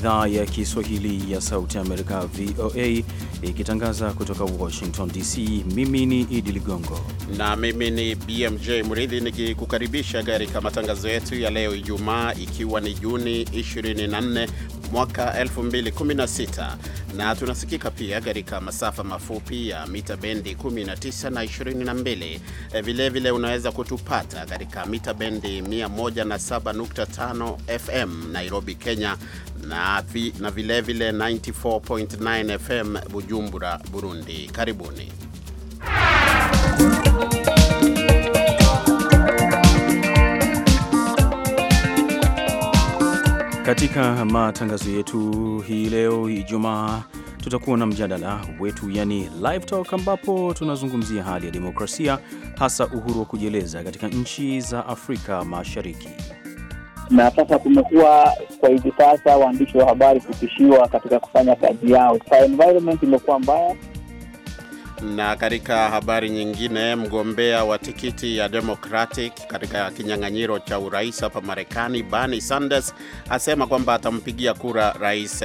idhaa ya Kiswahili ya Sauti ya Amerika, VOA, ikitangaza kutoka Washington DC. Mimi ni Idi Ligongo na mimi ni BMJ Mridhi nikikukaribisha katika matangazo yetu ya leo Ijumaa, ikiwa ni Juni 24 mwaka 2016 na tunasikika pia katika masafa mafupi ya mita bendi 19 na 22. E, vilevile vile unaweza kutupata katika mita bendi 107.5 FM Nairobi, Kenya na vilevile vile 94.9 FM Bujumbura, Burundi. Karibuni Katika matangazo yetu hii leo Ijumaa, tutakuwa na mjadala wetu, yani live talk, ambapo tunazungumzia hali ya demokrasia, hasa uhuru wa kujieleza katika nchi za Afrika Mashariki. Na sasa kumekuwa kwa hivi sasa waandishi wa habari kutishiwa katika kufanya kazi yao, environment imekuwa mbaya na katika habari nyingine, mgombea wa tikiti ya Democratic katika kinyang'anyiro cha urais hapa Marekani, Bernie Sanders asema kwamba atampigia kura rais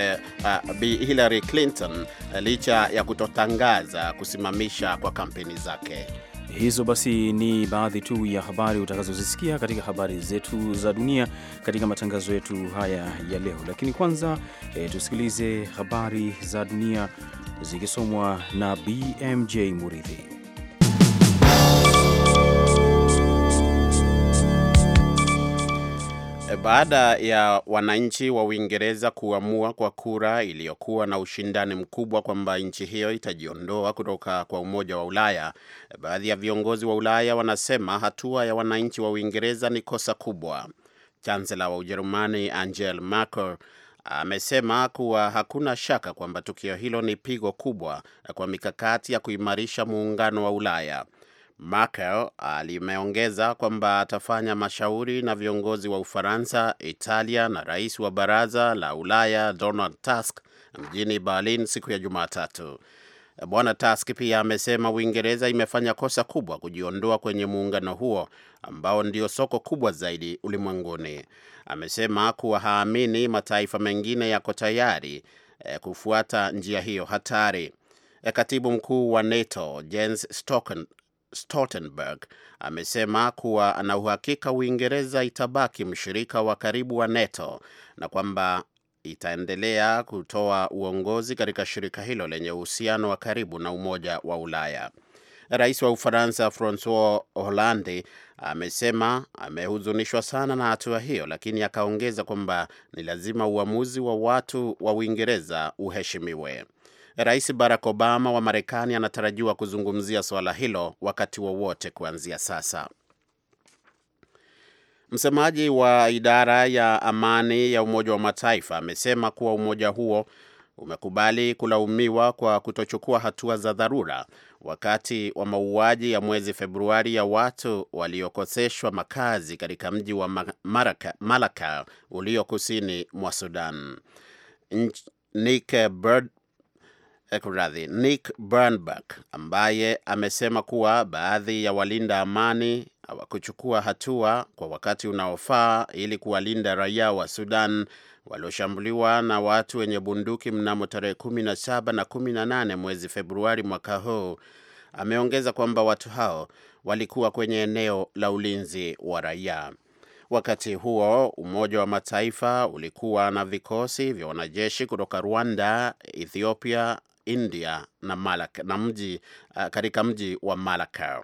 uh, Bi Hillary Clinton eh, licha ya kutotangaza kusimamisha kwa kampeni zake. Hizo basi ni baadhi tu ya habari utakazozisikia katika habari zetu za dunia katika matangazo yetu haya ya leo, lakini kwanza e, tusikilize habari za dunia zikisomwa na BMJ Muridhi. Baada ya wananchi wa Uingereza kuamua kwa kura iliyokuwa na ushindani mkubwa kwamba nchi hiyo itajiondoa kutoka kwa Umoja wa Ulaya, baadhi ya viongozi wa Ulaya wanasema hatua ya wananchi wa Uingereza ni kosa kubwa. Chansela wa Ujerumani Angela Merkel amesema kuwa hakuna shaka kwamba tukio hilo ni pigo kubwa kwa mikakati ya kuimarisha muungano wa Ulaya. Merkel alimeongeza kwamba atafanya mashauri na viongozi wa Ufaransa, Italia na rais wa baraza la Ulaya Donald Tusk mjini Berlin siku ya Jumatatu. Bwana Tusk pia amesema Uingereza imefanya kosa kubwa kujiondoa kwenye muungano huo ambao ndio soko kubwa zaidi ulimwenguni amesema kuwa haamini mataifa mengine yako tayari eh, kufuata njia hiyo hatari. Eh, katibu mkuu wa NATO Jens Stoltenberg amesema kuwa ana uhakika Uingereza itabaki mshirika wa karibu wa NATO na kwamba itaendelea kutoa uongozi katika shirika hilo lenye uhusiano wa karibu na Umoja wa Ulaya. Rais wa Ufaransa Francois Hollande amesema amehuzunishwa sana na hatua hiyo, lakini akaongeza kwamba ni lazima uamuzi wa watu wa Uingereza uheshimiwe. Rais Barack Obama wa Marekani anatarajiwa kuzungumzia suala hilo wakati wowote wa kuanzia sasa. Msemaji wa idara ya amani ya Umoja wa Mataifa amesema kuwa umoja huo umekubali kulaumiwa kwa kutochukua hatua za dharura wakati wa mauaji ya mwezi Februari ya watu waliokoseshwa makazi katika mji wa Malaka ulio kusini mwa Sudan. Nick Bird eh, Nick ambaye amesema kuwa baadhi ya walinda amani hawakuchukua hatua kwa wakati unaofaa ili kuwalinda raia wa Sudan walioshambuliwa na watu wenye bunduki mnamo tarehe 17 na 18 mwezi Februari mwaka huu. Ameongeza kwamba watu hao walikuwa kwenye eneo la ulinzi wa raia. Wakati huo Umoja wa Mataifa ulikuwa na vikosi vya wanajeshi kutoka Rwanda, Ethiopia, India na, Malak, na mji, eh, katika mji wa Malakal.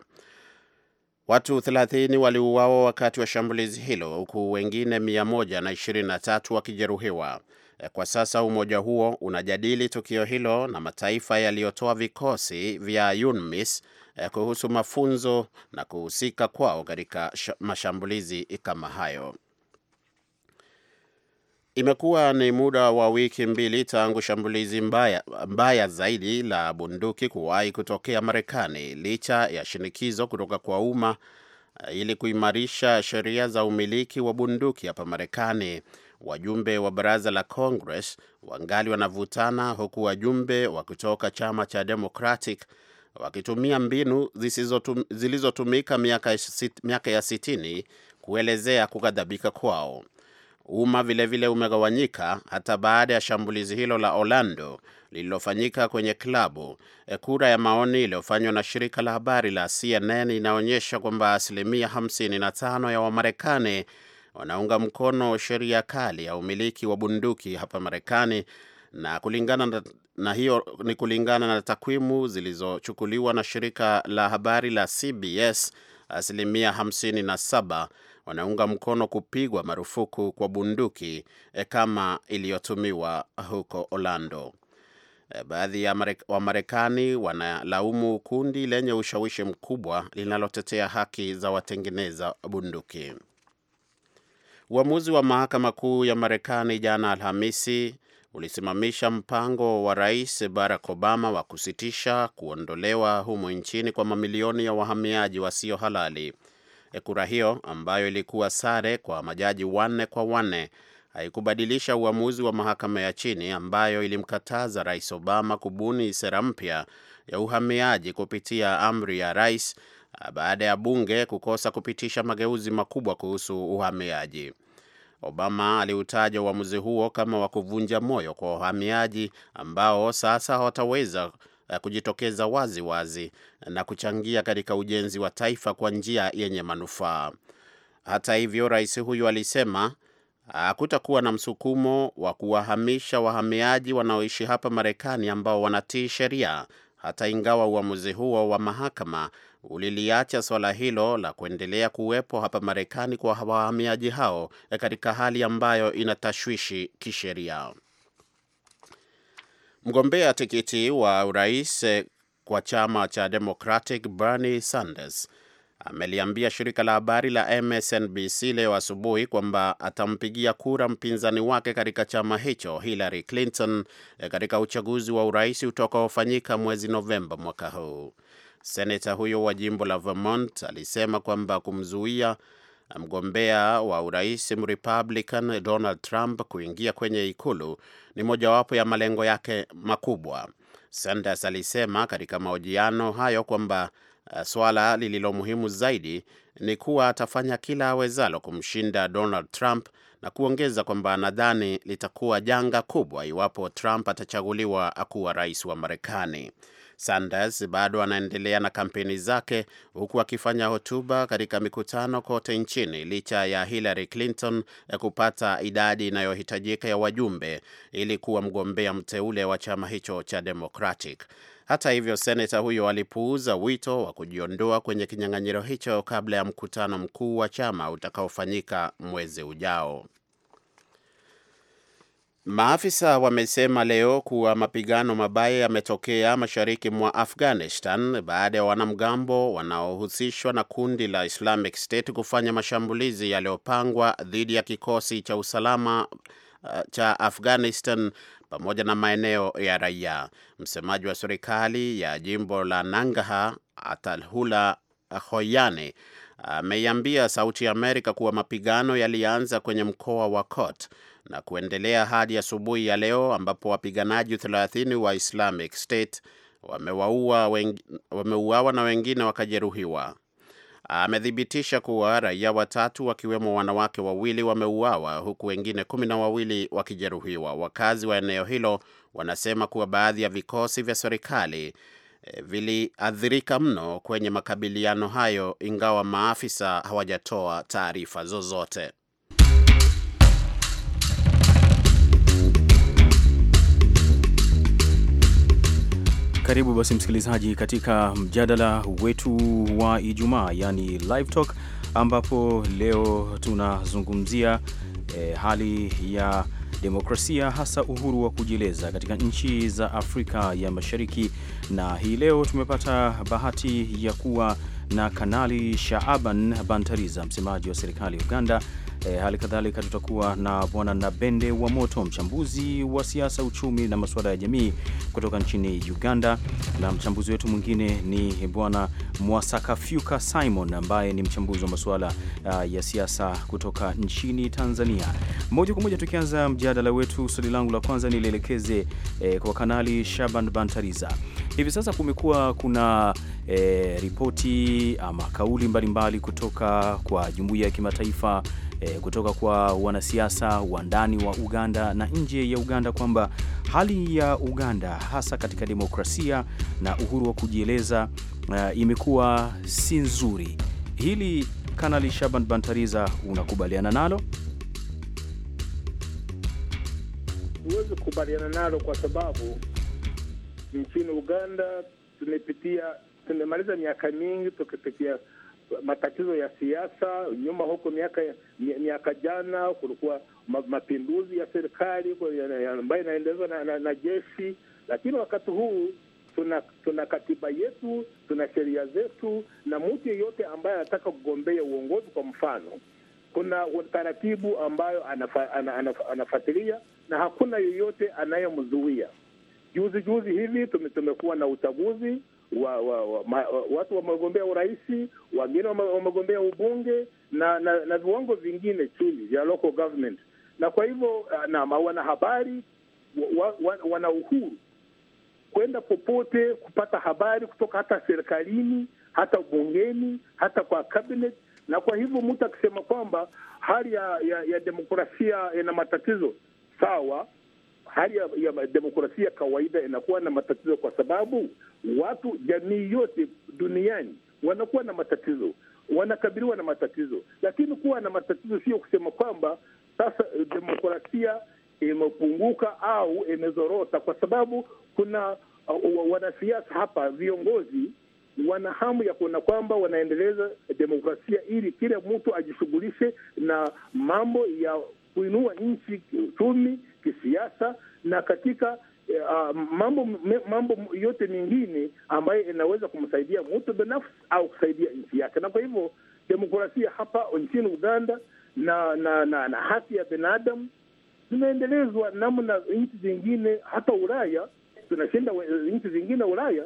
Watu 30 waliuawa wakati wa shambulizi hilo huku wengine 123 wakijeruhiwa. E, kwa sasa umoja huo unajadili tukio hilo na mataifa yaliyotoa vikosi vya UNMISS e, kuhusu mafunzo na kuhusika kwao katika mashambulizi kama hayo. Imekuwa ni muda wa wiki mbili tangu shambulizi mbaya, mbaya zaidi la bunduki kuwahi kutokea Marekani licha ya shinikizo kutoka kwa umma eh, ili kuimarisha sheria za umiliki wa bunduki hapa Marekani. Wajumbe wa baraza la Congress wangali wanavutana huku wajumbe wa kutoka chama cha Democratic wakitumia mbinu zilizotumika miaka ya sitini kuelezea kughadhabika kwao. Umma vilevile umegawanyika hata baada ya shambulizi hilo la Orlando lililofanyika kwenye klabu. E, kura ya maoni iliyofanywa na shirika la habari la CNN inaonyesha kwamba asilimia 55 ya Wamarekani wanaunga mkono sheria kali ya umiliki wa bunduki hapa Marekani na kulingana na, na hiyo ni kulingana na takwimu zilizochukuliwa na shirika la habari la CBS asilimia 57 wanaunga mkono kupigwa marufuku kwa bunduki e, kama iliyotumiwa huko Orlando. Eh, baadhi ya wa marekani wanalaumu kundi lenye ushawishi mkubwa linalotetea haki za watengeneza bunduki. Uamuzi wa mahakama kuu ya Marekani jana Alhamisi ulisimamisha mpango wa Rais Barack Obama wa kusitisha kuondolewa humo nchini kwa mamilioni ya wahamiaji wasio halali. Kura hiyo ambayo ilikuwa sare kwa majaji wanne kwa wanne haikubadilisha uamuzi wa mahakama ya chini ambayo ilimkataza Rais Obama kubuni sera mpya ya uhamiaji kupitia amri ya rais ah, baada ya bunge kukosa kupitisha mageuzi makubwa kuhusu uhamiaji. Obama aliutaja uamuzi huo kama wa kuvunja moyo kwa wahamiaji ambao sasa hawataweza Eh, kujitokeza wazi wazi na kuchangia katika ujenzi wa taifa kwa njia yenye manufaa. Hata hivyo, rais huyu alisema hakutakuwa na msukumo wa kuwahamisha wahamiaji wanaoishi hapa Marekani ambao wanatii sheria, hata ingawa uamuzi huo wa mahakama uliliacha swala hilo la kuendelea kuwepo hapa Marekani kwa wahamiaji hao eh, katika hali ambayo inatashwishi kisheria. Mgombea tikiti wa urais eh, kwa chama cha Democratic Bernie Sanders ameliambia shirika la habari la MSNBC leo asubuhi kwamba atampigia kura mpinzani wake katika chama hicho Hillary Clinton eh, katika uchaguzi wa urais utakaofanyika mwezi Novemba mwaka huu. Senata huyo wa jimbo la Vermont alisema kwamba kumzuia mgombea wa urais Mrepublican Donald Trump kuingia kwenye ikulu ni mojawapo ya malengo yake makubwa. Sanders alisema katika mahojiano hayo kwamba uh, swala lililo muhimu zaidi ni kuwa atafanya kila awezalo kumshinda Donald Trump na kuongeza kwamba nadhani litakuwa janga kubwa iwapo Trump atachaguliwa akuwa rais wa Marekani. Sanders bado anaendelea na kampeni zake huku akifanya hotuba katika mikutano kote nchini licha ya Hillary Clinton ya eh, kupata idadi inayohitajika ya wajumbe ili kuwa mgombea mteule wa chama hicho cha Democratic. Hata hivyo, seneta huyo alipuuza wito wa kujiondoa kwenye kinyang'anyiro hicho kabla ya mkutano mkuu wa chama utakaofanyika mwezi ujao. Maafisa wamesema leo kuwa mapigano mabaya yametokea mashariki mwa Afghanistan baada ya wanamgambo wanaohusishwa na kundi la Islamic State kufanya mashambulizi yaliyopangwa dhidi ya kikosi cha usalama uh, cha Afghanistan pamoja na maeneo ya raia. Msemaji wa serikali ya jimbo la nangaha Atalhula Hoyane ameiambia Sauti ya Amerika kuwa mapigano yalianza kwenye mkoa wa Kot na kuendelea hadi asubuhi ya, leo ambapo wapiganaji 30 wa Islamic State wameuawa wame na wengine wakajeruhiwa. Amethibitisha kuwa raia watatu wakiwemo wanawake wawili wameuawa huku wengine kumi na wawili wakijeruhiwa. Wakazi wa eneo hilo wanasema kuwa baadhi ya vikosi vya serikali viliathirika mno kwenye makabiliano hayo, ingawa maafisa hawajatoa taarifa zozote. Karibu basi msikilizaji, katika mjadala wetu wa Ijumaa yani live talk, ambapo leo tunazungumzia eh, hali ya demokrasia, hasa uhuru wa kujieleza katika nchi za Afrika ya Mashariki. Na hii leo tumepata bahati ya kuwa na Kanali Shaaban Bantariza, msemaji wa serikali ya Uganda. E, hali kadhalika tutakuwa na bwana Nabende wa Moto, mchambuzi wa siasa, uchumi na masuala ya jamii kutoka nchini Uganda, na mchambuzi wetu mwingine ni bwana Mwasakafyuka Simon ambaye ni mchambuzi wa masuala uh, ya siasa kutoka nchini Tanzania. Moja kwa moja tukianza mjadala wetu, swali langu la kwanza nilielekeze eh, kwa Kanali Shaban Bantariza. Hivi sasa kumekuwa kuna E, ripoti ama kauli mbalimbali mbali kutoka kwa jumuiya ya kimataifa e, kutoka kwa wanasiasa wa ndani wa Uganda na nje ya Uganda kwamba hali ya Uganda hasa katika demokrasia na uhuru wa kujieleza e, imekuwa si nzuri. Hili Kanali Shaban Bantariza, unakubaliana nalo? Huwezi kukubaliana nalo kwa sababu nchini Uganda tumepitia tumemaliza miaka mingi tukipitia matatizo ya siasa nyuma huko, miaka miaka jana kulikuwa mapinduzi ya serikali ambayo inaendelezwa na, na, na jeshi, lakini wakati huu tuna tuna katiba yetu, tuna sheria zetu, na mtu yeyote ambaye anataka kugombea uongozi, kwa mfano, kuna taratibu ambayo anafa, ana, ana, anafuatilia na hakuna yeyote anayemzuia. Juzi juzi hivi tumekuwa na uchaguzi wa, wa, wa, ma, wa, watu wamegombea urais, wengine wamegombea ubunge na, na na viwango vingine chini vya local government, na kwa hivyo uh, na wanahabari wa, wa, wana uhuru kwenda popote kupata habari kutoka hata serikalini hata bungeni hata kwa cabinet. Na kwa hivyo mtu akisema kwamba hali ya, ya, ya demokrasia ina matatizo sawa, hali ya, ya demokrasia kawaida inakuwa na matatizo, kwa sababu watu, jamii yote duniani wanakuwa na matatizo, wanakabiliwa na matatizo. Lakini kuwa na matatizo sio kusema kwamba sasa eh, demokrasia imepunguka au imezorota, kwa sababu kuna uh, wanasiasa hapa, viongozi wana hamu ya kuona kwamba wanaendeleza demokrasia ili kila mtu ajishughulishe na mambo ya kuinua nchi kiuchumi kisiasa na katika uh, mambo mambo yote mengine ambayo inaweza kumsaidia mtu binafsi au kusaidia nchi yake. Na kwa hivyo demokrasia hapa nchini Uganda na na, na, na haki ya binadamu zimeendelezwa namna nchi zingine, hata Ulaya tunashinda eh, nchi zingine Ulaya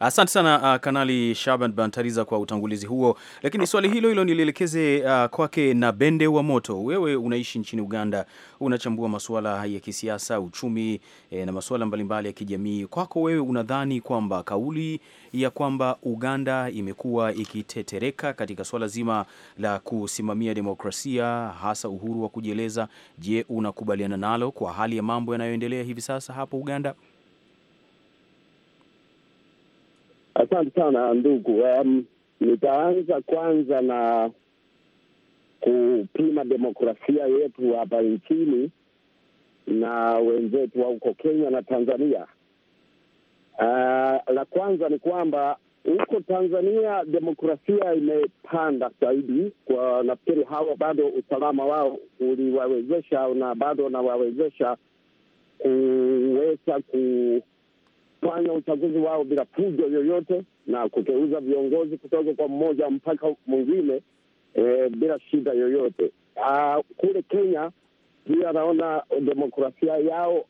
Asante sana uh, Kanali Shaban Bantariza kwa utangulizi huo, lakini swali hilo hilo nilielekeze uh, kwake na Bende wa Moto. Wewe unaishi nchini Uganda, unachambua masuala ya kisiasa, uchumi eh, na masuala mbalimbali ya kijamii. Kwako wewe, unadhani kwamba kauli ya kwamba Uganda imekuwa ikitetereka katika swala zima la kusimamia demokrasia, hasa uhuru wa kujieleza, je, unakubaliana nalo kwa hali ya mambo yanayoendelea hivi sasa hapo Uganda? Asante sana ndugu. Um, nitaanza kwanza na kupima demokrasia yetu hapa nchini na wenzetu wa huko Kenya na Tanzania. Uh, la kwanza ni kwamba huko Tanzania demokrasia imepanda zaidi, kwa nafikiri hawa bado usalama wao uliwawezesha na bado unawawezesha kuweza ku kufanya uchaguzi wao bila fujo yoyote na kuteuza viongozi kutoka kwa mmoja mpaka mwingine e, bila shida yoyote. Aa, kule Kenya pia anaona demokrasia yao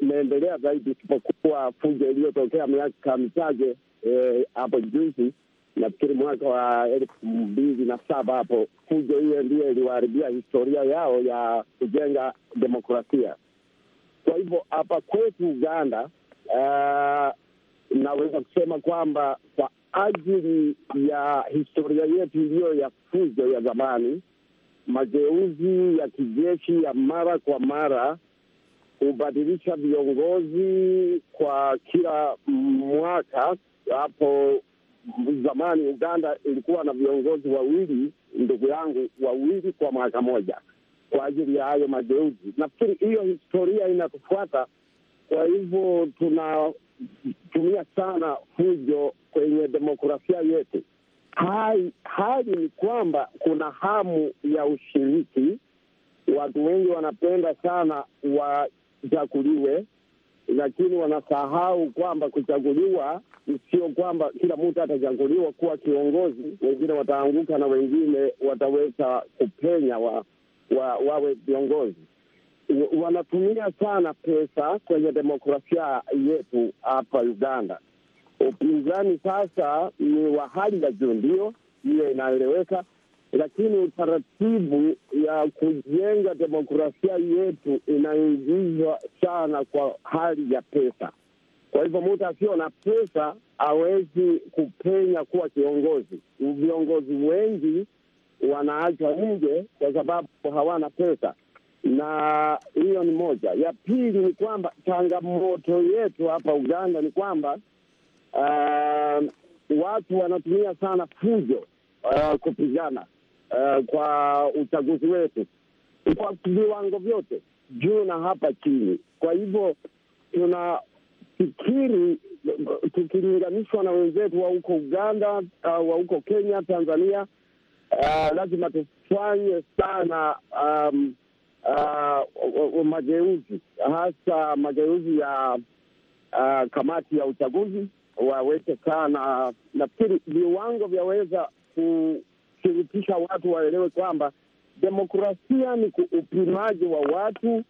imeendelea zaidi, isipokuwa fujo iliyotokea miaka michache e, hapo e, juzi nafikiri mwaka wa elfu mbili na saba hapo, fujo hiyo ndiyo iliwaharibia historia yao ya kujenga demokrasia. Kwa hivyo hapa kwetu Uganda, uh, naweza kusema kwamba kwa ajili ya historia yetu iliyo ya fujo ya zamani, mageuzi ya kijeshi ya mara kwa mara hubadilisha viongozi kwa kila mwaka. Hapo zamani Uganda ilikuwa na viongozi wawili, ndugu yangu, wawili kwa mwaka moja kwa ajili ya hayo mageuzi. Nafikiri hiyo historia inatufuata, kwa hivyo tunatumia sana fujo kwenye demokrasia yetu. Hai, hali ni kwamba kuna hamu ya ushiriki. Watu wengi wanapenda sana wachaguliwe, lakini wanasahau kwamba kuchaguliwa sio kwamba kila mtu atachaguliwa kuwa kiongozi. Wengine wataanguka na wengine wataweza kupenya wa wa, wawe viongozi wanatumia sana pesa kwenye demokrasia yetu hapa Uganda. Upinzani sasa ni wa hali ya juu, ndio hiyo inaeleweka, lakini utaratibu ya kujenga demokrasia yetu inaingizwa sana kwa hali ya pesa. Kwa hivyo mtu asio na pesa hawezi kupenya kuwa kiongozi. Viongozi wengi wanaachwa nje kwa sababu hawana pesa, na hiyo ni moja. Ya pili ni kwamba changamoto yetu hapa Uganda ni kwamba uh, watu wanatumia sana fujo uh, kupigana uh, kwa uchaguzi wetu kwa viwango vyote, juu na hapa chini. Kwa hivyo tunafikiri tukilinganishwa na wenzetu wa huko Uganda, uh, wa huko Kenya, Tanzania uh, lazima tufanye sana um, uh, mageuzi hasa mageuzi ya uh, kamati ya uchaguzi waweke sana, nafikiri viwango vyaweza kushirikisha watu waelewe kwamba demokrasia ni upimaji wa watu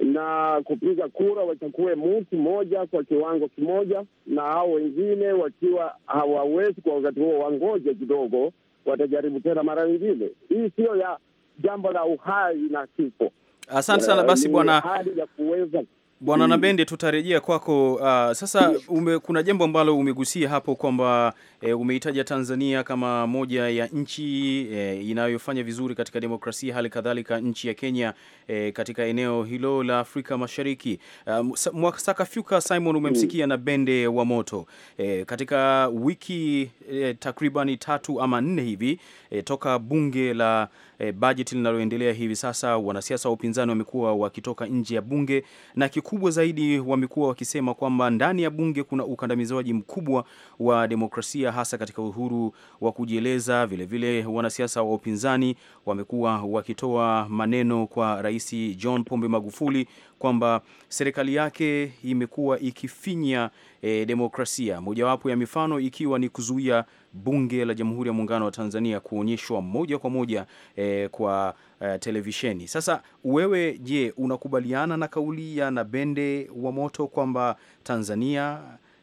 na kupiga kura, wachakue mtu moja kwa kiwango kimoja, na hao wengine wakiwa hawawezi kwa wakati huo wangoje kidogo, watajaribu tena mara nyingine. Hii siyo ya jambo la uhai na kifo. Asante eh, sana basi, bwana hali ya kuweza Bwana mm. Nabende, tutarejea kwako. Uh, sasa mm. ume, kuna jambo ambalo umegusia hapo kwamba E, umeitaja Tanzania kama moja ya nchi e, inayofanya vizuri katika demokrasia, hali kadhalika nchi ya Kenya e, katika eneo hilo la Afrika Mashariki. Um, Mwakasakafyuka Simon umemsikia na Bende wa Moto e, katika wiki e, takribani tatu ama nne hivi e, toka bunge la e, bajeti linaloendelea hivi sasa, wanasiasa wa upinzani wamekuwa wakitoka nje ya bunge, na kikubwa zaidi wamekuwa wakisema kwamba ndani ya bunge kuna ukandamizaji mkubwa wa demokrasia hasa katika uhuru wa kujieleza. Vilevile wanasiasa wa upinzani wamekuwa wakitoa maneno kwa Rais John Pombe Magufuli kwamba serikali yake imekuwa ikifinya e, demokrasia, mojawapo ya mifano ikiwa ni kuzuia bunge la Jamhuri ya Muungano wa Tanzania kuonyeshwa moja kwa moja e, kwa e, televisheni. Sasa wewe, je, unakubaliana na kauli ya Nabende wa Moto kwamba Tanzania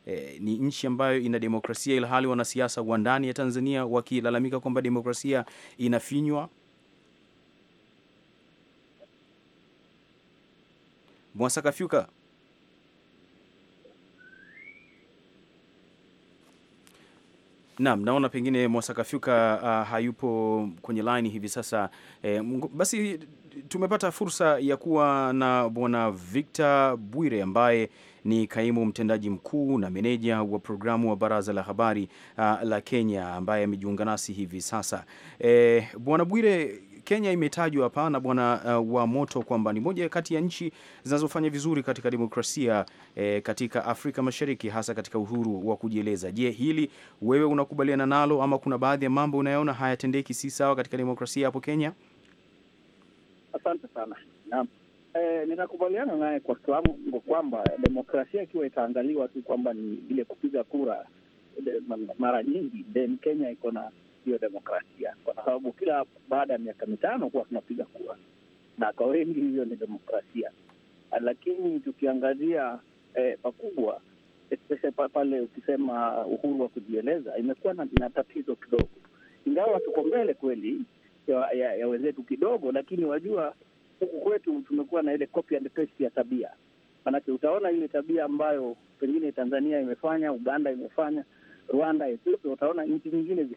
e, ni nchi ambayo ina demokrasia ilhali wanasiasa wa ndani ya Tanzania wakilalamika kwamba demokrasia inafinywa. Mwasaka Fyuka, Naam, naona pengine Mwasakafyuka uh, ah, hayupo kwenye line hivi sasa eh, basi tumepata fursa ya kuwa na bwana Victor Bwire ambaye ni kaimu mtendaji mkuu na meneja wa programu wa Baraza la Habari uh, la Kenya ambaye amejiunga nasi hivi sasa. E, bwana Bwire, Kenya imetajwa hapa na bwana uh, wa moto kwamba ni moja kati ya nchi zinazofanya vizuri katika demokrasia eh, katika Afrika Mashariki, hasa katika uhuru wa kujieleza. Je, hili wewe unakubaliana nalo ama kuna baadhi ya mambo unayoona hayatendeki si sawa katika demokrasia hapo Kenya? Asante sana. Naam, e, ninakubaliana naye kwa kiwango kwamba demokrasia ikiwa itaangaliwa tu kwamba ni ile kupiga kura de, eh, mara nyingi then Kenya iko na hiyo demokrasia, kwa sababu kila baada ya miaka mitano huwa tunapiga kura na kwa wengi hiyo ni demokrasia. Ah, lakini tukiangazia eh, pakubwa pale ukisema uhuru wa kujieleza imekuwa na tatizo kidogo, ingawa tuko mbele kweli ya, ya, ya wenzetu kidogo, lakini wajua huku kwetu tumekuwa na ile copy and paste ya tabia. Manake utaona ile tabia ambayo pengine Tanzania imefanya, Uganda imefanya, Rwanda, Ethiopia, utaona nchi nyingine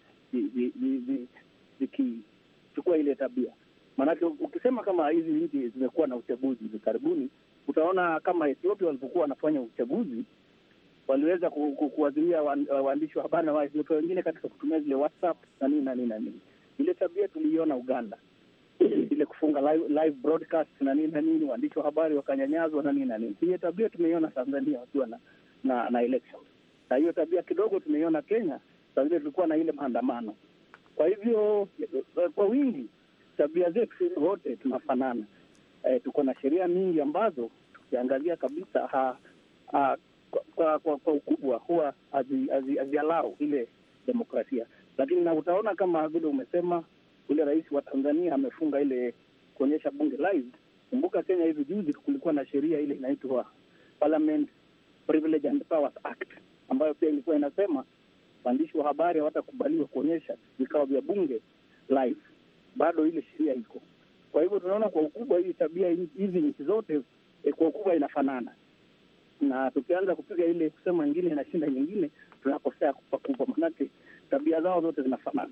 zikichukua ile tabia. Maanake ukisema kama hizi nchi zimekuwa na uchaguzi hivi karibuni, utaona kama Ethiopia walipokuwa wanafanya uchaguzi waliweza kuwazuia waandishi wa habari na Waethiopia wengine katika kutumia zile WhatsApp na nini na nini na nini ile tabia tuliiona Uganda ile kufunga live, live broadcast na nini na nini, waandishi wa habari wakanyanyazwa na nini na nini. Ile tabia tumeiona Tanzania wakiwa na na, na election, na hiyo tabia kidogo tumeiona Kenya. Tanzania tulikuwa na ile maandamano. Kwa hivyo kwa wingi tabia zetu sisi wote tunafanana. E, tuko na sheria nyingi ambazo tukiangalia kabisa ha, ha, kwa, kwa, kwa ukubwa huwa hazialau ile demokrasia lakini na utaona kama vile umesema yule rais wa Tanzania amefunga ile kuonyesha bunge live. Kumbuka Kenya hivi juzi kulikuwa na sheria ile inaitwa Parliament Privilege and Powers Act ambayo pia ilikuwa inasema waandishi wa habari hawatakubaliwa kuonyesha vikao vya bunge live. Bado ile sheria iko. Kwa hivyo tunaona kwa ukubwa hii tabia hizi nchi zote eh, kwa ukubwa inafanana, na tukianza kupiga ile kusema nyingine inashinda nyingine tunakosea kubwa, manake tabia zao zote zinafanana.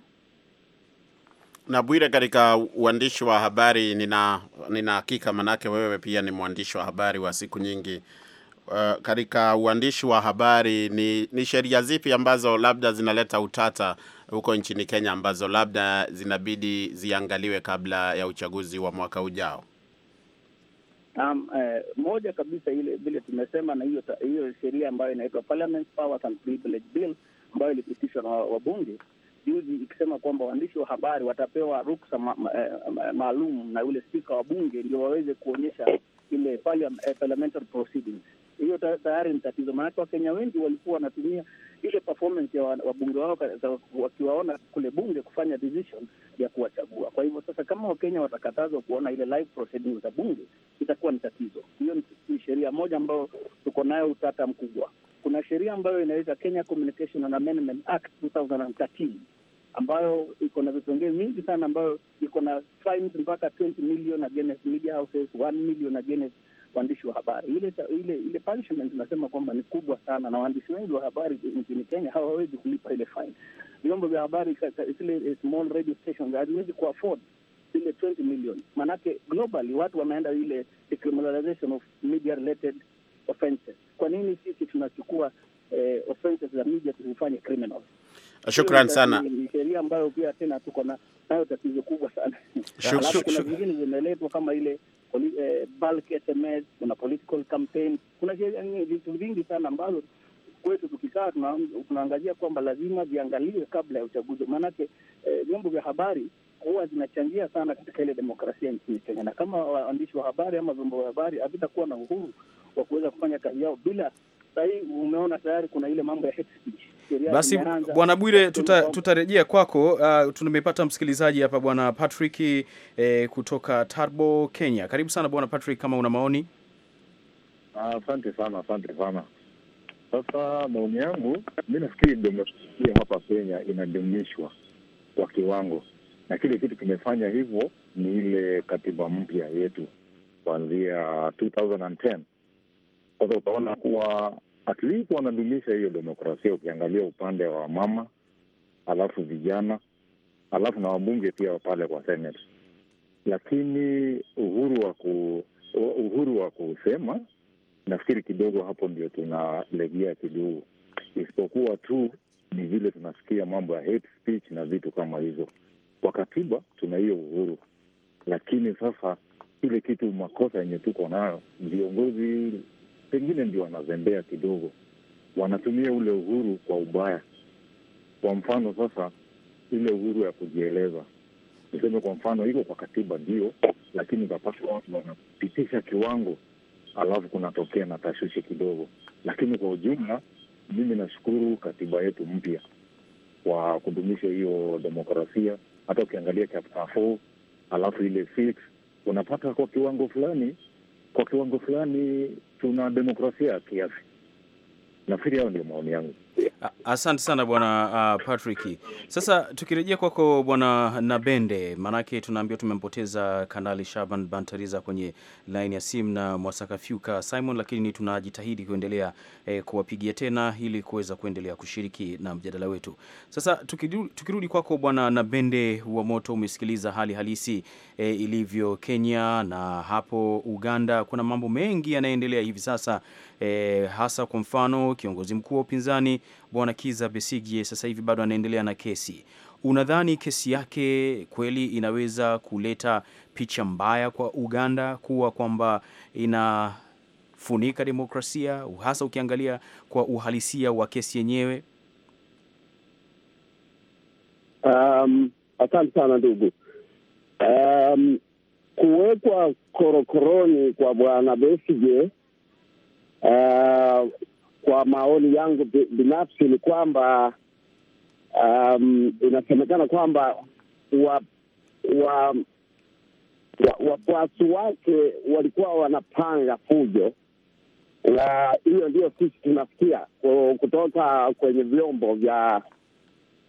Na Bwire, katika uandishi wa habari, nina nina hakika manake wewe pia ni mwandishi wa habari wa siku nyingi. Uh, katika uandishi wa habari ni, ni sheria zipi ambazo labda zinaleta utata huko nchini Kenya ambazo labda zinabidi ziangaliwe kabla ya uchaguzi wa mwaka ujao? Um, eh, moja kabisa ile vile tumesema na hiyo hiyo sheria ambayo inaitwa Parliament Powers and Privilege Bill ambayo ilipitishwa na wabunge juzi ikisema kwamba waandishi wa habari watapewa ruksa maalum ma, ma, eh, ma, na yule spika wa bunge ndio waweze kuonyesha ile eh, parliamentary proceedings. Hiyo tayari ni tatizo, maanake Wakenya wengi walikuwa wanatumia ile performance ya wabunge wao wakiwaona kule bunge kufanya decision ya kuwachagua. Kwa hivyo sasa, kama Wakenya watakatazwa kuona ile live proceedings za bunge, itakuwa ni tatizo. Hiyo ni sheria moja ambayo tuko nayo utata mkubwa kuna sheria ambayo inaweza Kenya Communication and Amendment Act 2013 ambayo iko na vipengee mingi sana, ambayo iko na fines mpaka 20 million against media houses, 1 million against waandishi wa habari. Ile ile ile punishment inasema kwamba ni kubwa sana, na waandishi wengi wa habari nchini Kenya hawawezi kulipa ile fine. Vyombo vya habari zile eh, small radio stations haziwezi kuafford ile 20 million, manake globally watu wameenda ile decriminalization of media related offenses. Kwa nini sisi tunachukua eh, offenses za media tuzifanye criminal? Shukran sana. Ni sheria ambayo pia tena tuko na nayo tatizo kubwa sana. kuna vingine zimeletwa kama ile eh, bulk SMS, kuna political campaign, kuna vitu vingi sana ambazo kwetu tukikaa tunaangazia kwamba lazima viangaliwe kabla ya uchaguzi, maanake eh, vyombo eh, vya habari huwa zinachangia sana katika ile demokrasia nchini Kenya, na kama waandishi wa habari ama vyombo vya habari havitakuwa na uhuru wa kuweza kufanya kazi yao bila sahii, umeona tayari kuna ile mambo ya hate speech. Basi bwana Bwire, tutarejea tuta kwako. Uh, tumepata msikilizaji hapa bwana Patrick eh, kutoka Tarbo, Kenya. Karibu sana bwana Patrick, kama una maoni. Ah, asante uh, sana asante sana. Sasa maoni yangu mi nafikiri demokrasia hapa Kenya inadumishwa kwa kiwango na kile kitu kimefanya hivyo ni ile katiba mpya yetu kuanzia 2010 sasa utaona kuwa at least wanadumisha hiyo demokrasia, ukiangalia upande wa mama, alafu vijana, alafu na wabunge pia pale kwa Senate. Lakini uhuru wa ku, uhuru wa kusema nafikiri kidogo hapo ndio tunalegea kidogo, isipokuwa tu ni vile tunasikia mambo ya hate speech na vitu kama hizo. Kwa katiba tuna hiyo uhuru, lakini sasa kile kitu makosa yenye tuko nayo, viongozi pengine ndio wanazembea kidogo, wanatumia ule uhuru kwa ubaya. Kwa mfano sasa, ile uhuru ya kujieleza, niseme kwa mfano, iko kwa katiba ndio, lakini utapata watu wanapitisha kiwango, alafu kunatokea na tashwishi kidogo. Lakini kwa ujumla, mimi nashukuru katiba yetu mpya kwa kudumisha hiyo demokrasia hata ukiangalia chapta four alafu ile six unapata kwa kiwango fulani, kwa kiwango fulani tuna demokrasia kiasi. Nafikiri hayo ndio maoni yangu. Asante sana bwana uh, Patrick. Sasa tukirejea kwako bwana Nabende, maanake tunaambiwa tumempoteza Kanali Shaban Bantariza kwenye laini ya simu na Mwasakafyuka Simon, lakini tunajitahidi kuendelea eh, kuwapigia tena ili kuweza kuendelea kushiriki na mjadala wetu. Sasa tukirudi kwako bwana Nabende wa Moto, umesikiliza hali halisi eh, ilivyo Kenya na hapo Uganda. Kuna mambo mengi yanayoendelea hivi sasa eh, hasa kwa mfano kiongozi mkuu wa upinzani bwana Kiza Besigye sasa hivi bado anaendelea na kesi. Unadhani kesi yake kweli inaweza kuleta picha mbaya kwa Uganda kuwa kwamba inafunika demokrasia, hasa ukiangalia kwa uhalisia wa kesi yenyewe? Um, asante sana ndugu. Um, kuwekwa korokoroni kwa bwana Besigye uh, kwa maoni yangu binafsi ni kwamba um, inasemekana kwamba wafuasi wa, wa, wa, wake walikuwa wanapanga fujo, na hiyo ndio sisi tunasikia kutoka kwenye vyombo vya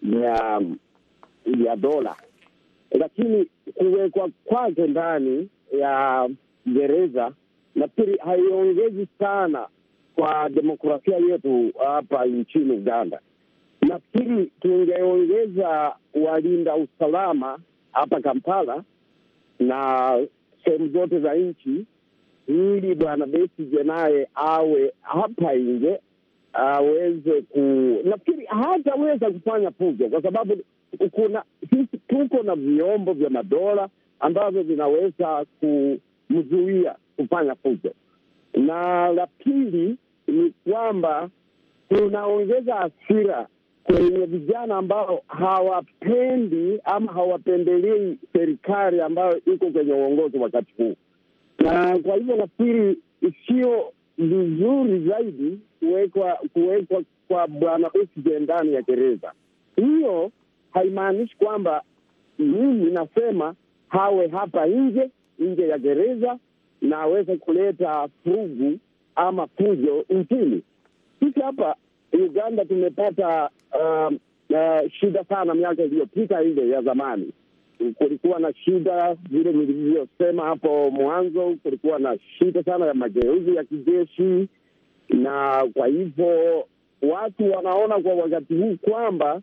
vya, vya dola, lakini kuwekwa kwake ndani ya gereza nafikiri haiongezi sana kwa demokrasia yetu hapa nchini Uganda. Nafikiri tungeongeza walinda usalama hapa Kampala na sehemu zote za nchi, ili bwana Besigye naye awe hapa nje aweze ku, nafikiri hataweza kufanya fujo, kwa sababu kuna sisi tuko na vyombo vya madola ambavyo vinaweza kumzuia kufanya fujo. Na la pili ni kwamba tunaongeza hasira kwenye vijana ambao hawapendi ama hawapendelei serikali ambayo iko kwenye uongozi wakati huu, na kwa hivyo nafikiri sio vizuri zaidi kuwekwa kuwekwa kwa bwana Besigye ndani ya gereza. Hiyo haimaanishi kwamba mimi nasema hawe hapa nje nje ya gereza na aweze kuleta furugu ama fujo nchini. Sisi hapa Uganda tumepata uh, uh, shida sana miaka iliyopita ile ya zamani. Kulikuwa na shida vile nilivyosema hapo mwanzo, kulikuwa na shida sana ya mageuzi ya kijeshi, na kwa hivyo watu wanaona kwa wakati huu kwamba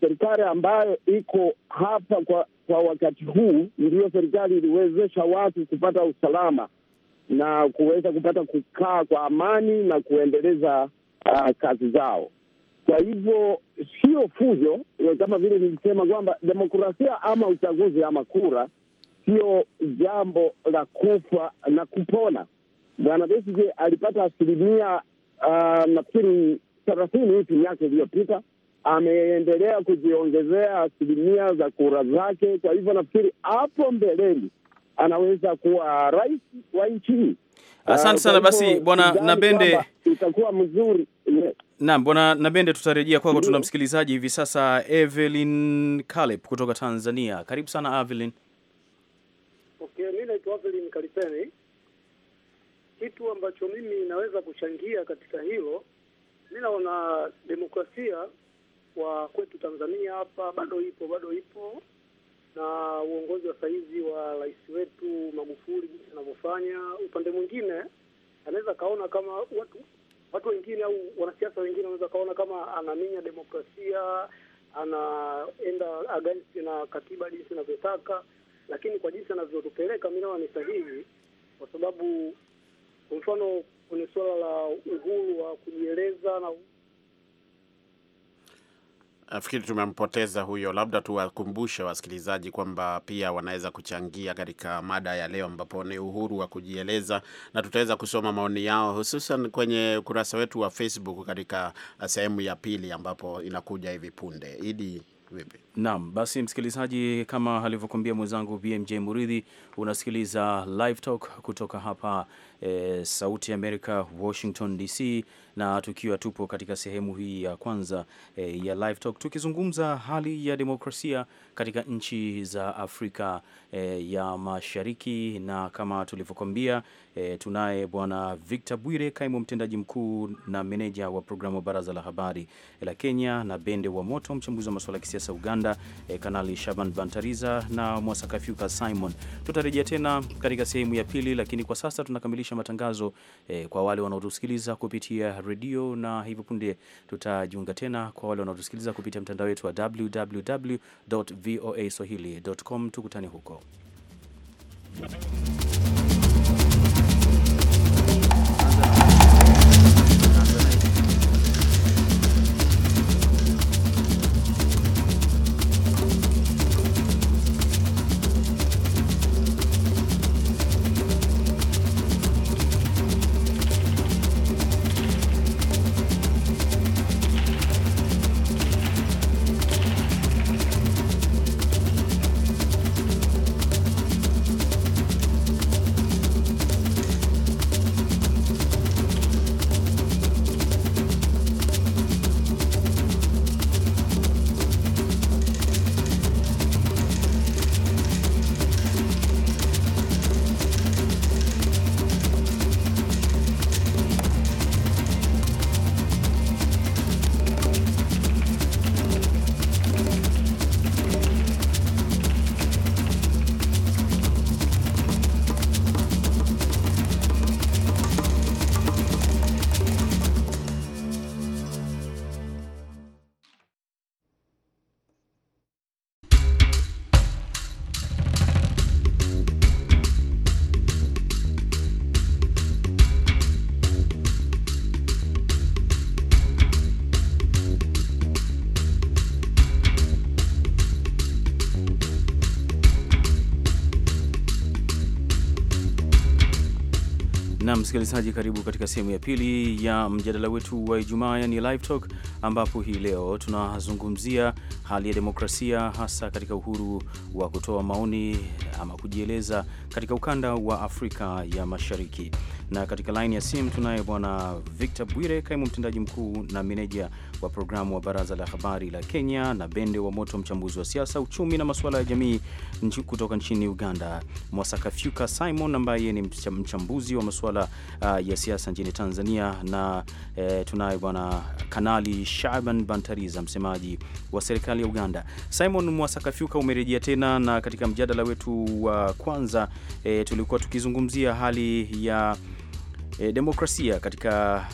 serikali ambayo iko hapa kwa, kwa wakati huu ndiyo serikali iliwezesha watu kupata usalama na kuweza kupata kukaa kwa amani na kuendeleza uh, kazi zao. Kwa hivyo sio fujo, eh, kama vile nilisema kwamba demokrasia ama uchaguzi ama kura sio jambo la kufa na kupona. Bwana Besigye alipata asilimia uh, nafikiri thelathini hivi miaka iliyopita, ameendelea kujiongezea asilimia za kura zake. Kwa hivyo nafikiri hapo mbeleni anaweza kuwa rais wa nchi hii. Asante ah, sana basi Bwana Nabende, itakuwa mzuri naam. Bwana Nabende, tutarejea kwako, tuna msikilizaji hivi sasa Evelyn Kalep kutoka Tanzania. Karibu sana Evelyn. Okay, mi naitwa Evelyn Kalipeni. Kitu ambacho mimi naweza kuchangia katika hilo, mi naona demokrasia wa kwetu Tanzania hapa bado ipo, bado ipo na uongozi wa sahizi wa rais wetu Magufuli jinsi anavyofanya. Upande mwingine anaweza kaona kama watu watu wengine au wanasiasa wengine wanaweza kaona kama anaminya demokrasia, anaenda against na katiba jinsi inavyotaka, lakini kwa jinsi anavyotupeleka mi naona ni sahihi, kwa sababu kwa mfano kwenye suala la uhuru wa kujieleza na uhuru Nafikiri tumempoteza huyo, labda tuwakumbushe wasikilizaji kwamba pia wanaweza kuchangia katika mada ya leo, ambapo ni uhuru wa kujieleza, na tutaweza kusoma maoni yao hususan kwenye ukurasa wetu wa Facebook katika sehemu ya pili, ambapo inakuja hivi punde. Idi, vipi? Naam, basi msikilizaji, kama alivyokuambia mwenzangu BMJ Muridhi, unasikiliza Live Talk kutoka hapa e, Sauti ya Amerika, Washington DC, na tukiwa tupo katika sehemu hii ya kwanza e, ya Live Talk tukizungumza hali ya demokrasia katika nchi za Afrika e, ya Mashariki, na kama tulivyokuambia e, tunaye Bwana Victor Bwire, kaimu mtendaji mkuu na meneja wa programu Baraza la Habari la Kenya, na Bende wa Moto, mchambuzi wa masuala ya kisiasa Uganda Uganda, e, Kanali Shaban Bantariza na Mwasakafyuka Simon. Tutarejea tena katika sehemu ya pili, lakini kwa sasa tunakamilisha matangazo e, kwa wale wanaotusikiliza kupitia redio, na hivyo punde tutajiunga tena kwa wale wanaotusikiliza kupitia mtandao wetu wa www.voaswahili.com. Tukutane huko. msikilizaji, karibu katika sehemu ya pili ya mjadala wetu wa Ijumaa, yani live talk, ambapo hii leo tunazungumzia hali ya demokrasia hasa katika uhuru wa kutoa maoni ama kujieleza katika ukanda wa Afrika ya Mashariki na katika laini ya simu tunaye bwana Victor Bwire, kaimu mtendaji mkuu na meneja wa programu wa Baraza la Habari la Kenya, na Bende wa Moto, mchambuzi wa siasa, uchumi na masuala ya jamii nchi, kutoka nchini Uganda, Mwasakafyuka Simon ambaye ni mchambuzi wa masuala uh, ya siasa nchini Tanzania, na eh, tunaye bwana Kanali Shaban Bantariza, msemaji wa serikali ya Uganda. Simon Mwasakafyuka, umerejea tena, na katika mjadala wetu wa uh, kwanza eh, tulikuwa tukizungumzia hali ya e, demokrasia katika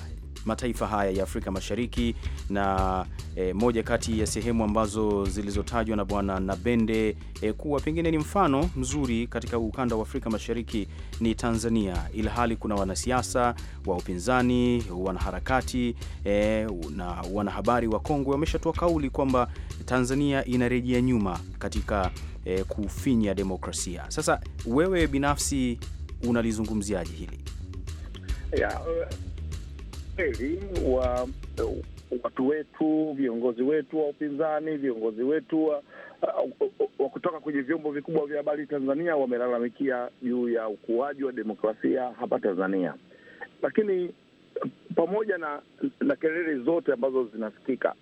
mataifa haya ya Afrika Mashariki na e, moja kati ya sehemu ambazo zilizotajwa na Bwana Nabende e, kuwa pengine ni mfano mzuri katika ukanda wa Afrika Mashariki ni Tanzania, ilhali kuna wanasiasa wa upinzani, wanaharakati e, na wanahabari wa kongwe wameshatoa kauli kwamba Tanzania inarejea nyuma katika e, kufinya demokrasia. Sasa wewe binafsi unalizungumziaje hili? ya eh, kweli wa watu wetu, viongozi wetu wa upinzani, viongozi wetu wa wa kutoka kwenye vyombo vikubwa vya habari Tanzania wamelalamikia juu ya ukuaji wa demokrasia hapa Tanzania, lakini pamoja na na kelele zote ambazo zinasikika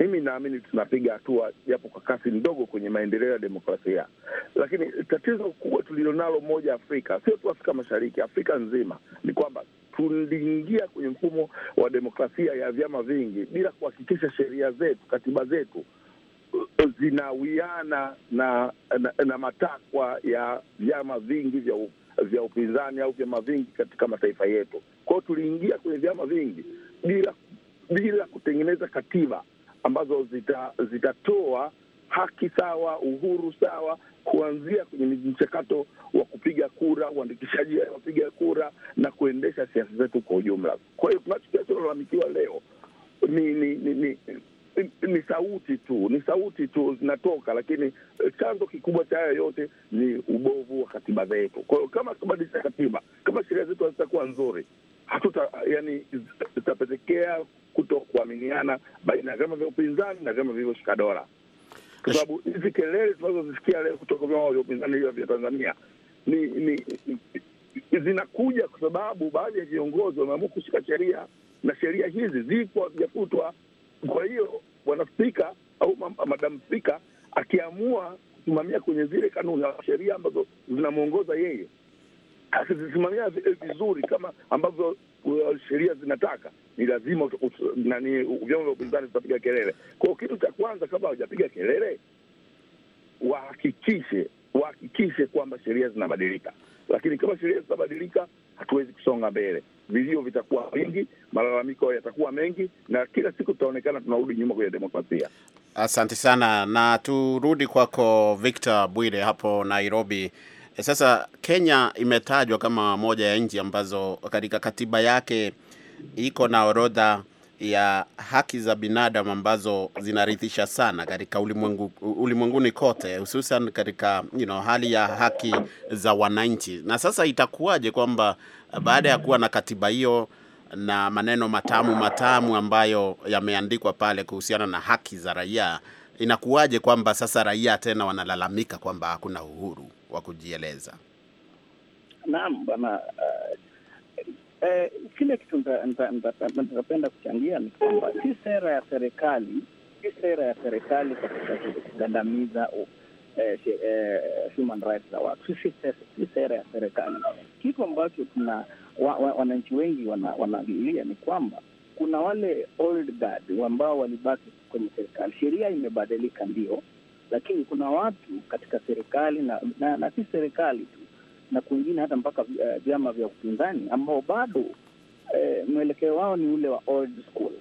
mimi naamini tunapiga hatua japo kwa kasi ndogo kwenye maendeleo ya demokrasia, lakini tatizo kubwa tulilonalo moja Afrika, sio tu Afrika Mashariki, Afrika nzima, ni kwamba tuliingia kwenye mfumo wa demokrasia ya vyama vingi bila kuhakikisha sheria zetu, katiba zetu zinawiana na, na, na matakwa ya vyama vingi vya, vya upinzani au vyama vingi katika mataifa yetu. Kwa hiyo tuliingia kwenye vyama vingi bila bila kutengeneza katiba ambazo zitatoa haki sawa, uhuru sawa, kuanzia kwenye mchakato wa kupiga kura, uandikishaji wa wapiga kura na kuendesha siasa zetu kwa ujumla. Kwa hiyo tunalalamikiwa leo ni ni, ni, ni ni sauti tu, ni sauti tu zinatoka, lakini eh, chanzo kikubwa cha hayo yote ni ubovu wa katiba zetu. Kwa hiyo kama tubadilisha katiba, kama sheria zetu hazitakuwa nzuri, hatuta yani, tutapelekea kuto kuaminiana baina ya vyama vya upinzani na vyama vilivyoshika dola, kwa sababu hizi kelele tunazozisikia leo kutoka vyama vya upinzani hivyo vya Tanzania ni, ni, zinakuja kwa sababu baadhi ya viongozi wameamua kushika sheria na sheria hizi zipo hazijafutwa. Kwa hiyo bwana spika au madamu spika akiamua kusimamia kwenye zile kanuni au sheria ambazo zinamwongoza yeye akizisimamia eh, vizuri kama ambavyo uh, sheria zinataka, ni lazima nani, vyombo vya upinzani vitapiga kelele. Kwao kitu cha kwanza, kabla hawajapiga kelele, wahakikishe wahakikishe kwamba sheria zinabadilika, lakini kama sheria zitabadilika, hatuwezi kusonga mbele. Vilio vitakuwa vingi, malalamiko yatakuwa mengi, na kila siku tutaonekana tunarudi nyuma kwenye demokrasia. Asante sana, na turudi kwako Victor Bwire hapo Nairobi. E, sasa Kenya imetajwa kama moja ya nchi ambazo katika katiba yake iko na orodha ya haki za binadamu ambazo zinaridhisha sana katika ulimwengu, ulimwenguni kote hususan katika you know, hali ya haki za wananchi. Na sasa itakuwaje kwamba baada ya kuwa na katiba hiyo na maneno matamu matamu ambayo yameandikwa pale kuhusiana na haki za raia, inakuwaje kwamba sasa raia tena wanalalamika kwamba hakuna uhuru? wa kujieleza? Naam bwana uh, eh, kile kitu nitapenda kuchangia ni kwamba si sera ya serikali, si sera ya serikali katika kugandamiza eh, eh, human rights za watu, si sera ya serikali. Kitu ambacho tuna wa, wa, wananchi wengi wanalilia wana ni kwamba kuna wale old guard ambao walibaki kwenye serikali. Sheria imebadilika ndio lakini kuna watu katika serikali na, na, na si serikali tu na kwingine hata mpaka eh, vyama uh, vya upinzani ambao bado eh, mwelekeo wao ni ule wa old school.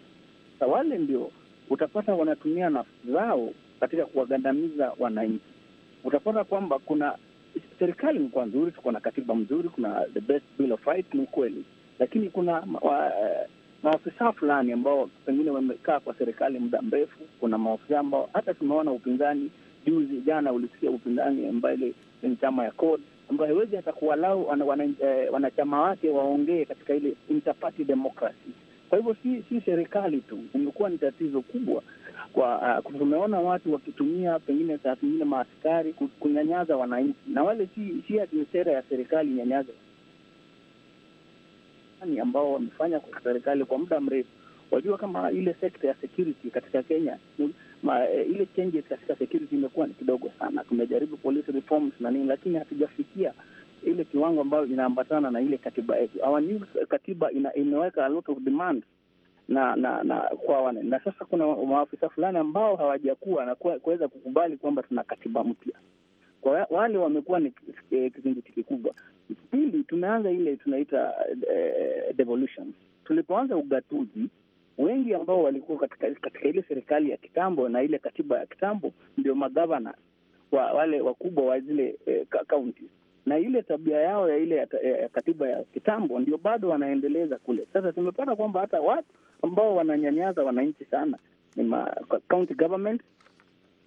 Sa wale ndio utapata wanatumia nafsi zao katika kuwagandamiza wananchi. Utapata kwamba kuna serikali imekuwa nzuri, tuko na katiba mzuri, kuna the best bill of rights, ni ukweli, lakini kuna uh, maafisa fulani ambao pengine wamekaa kwa serikali muda mrefu. Kuna maafisa ambao hata tumeona upinzani juzi jana, ulisikia upinzani ambayo ile ni chama ya CORD ambayo haiwezi hata kuwalau eh, wanachama wake waongee katika ile interparty democracy. Kwa hivyo si, si serikali tu, imekuwa ni tatizo kubwa kwa uh, tumeona watu wakitumia pengine saa zingine maaskari kunyanyaza wananchi, na wale si, si ati ni sera ya serikali nyanyaza fulani ambao wamefanya kwa serikali kwa muda mrefu. Wajua kama ile sekta ya security katika Kenya ma, eh, ile changes katika security imekuwa ni kidogo sana. Tumejaribu police reforms na nini, lakini hatujafikia ile kiwango ambayo inaambatana na ile katiba yetu. Our new katiba ina, imeweka a lot of demand na na na kwa wana na sasa kuna maafisa fulani ambao hawajakuwa na kuweza kukubali kwamba tuna katiba mpya kwa wale wamekuwa ni eh, kizingiti kikubwa. Pili, tumeanza ile tunaita eh, devolution. Tulipoanza ugatuzi, wengi ambao walikuwa katika, katika ile serikali ya kitambo na ile katiba ya kitambo ndio magavana wa wale wakubwa wa zile eh, kaunti na ile tabia yao ya ile ya, katiba ya kitambo ndio bado wanaendeleza kule. Sasa tumepata kwamba hata watu ambao wananyanyaza wananchi sana ni ma county government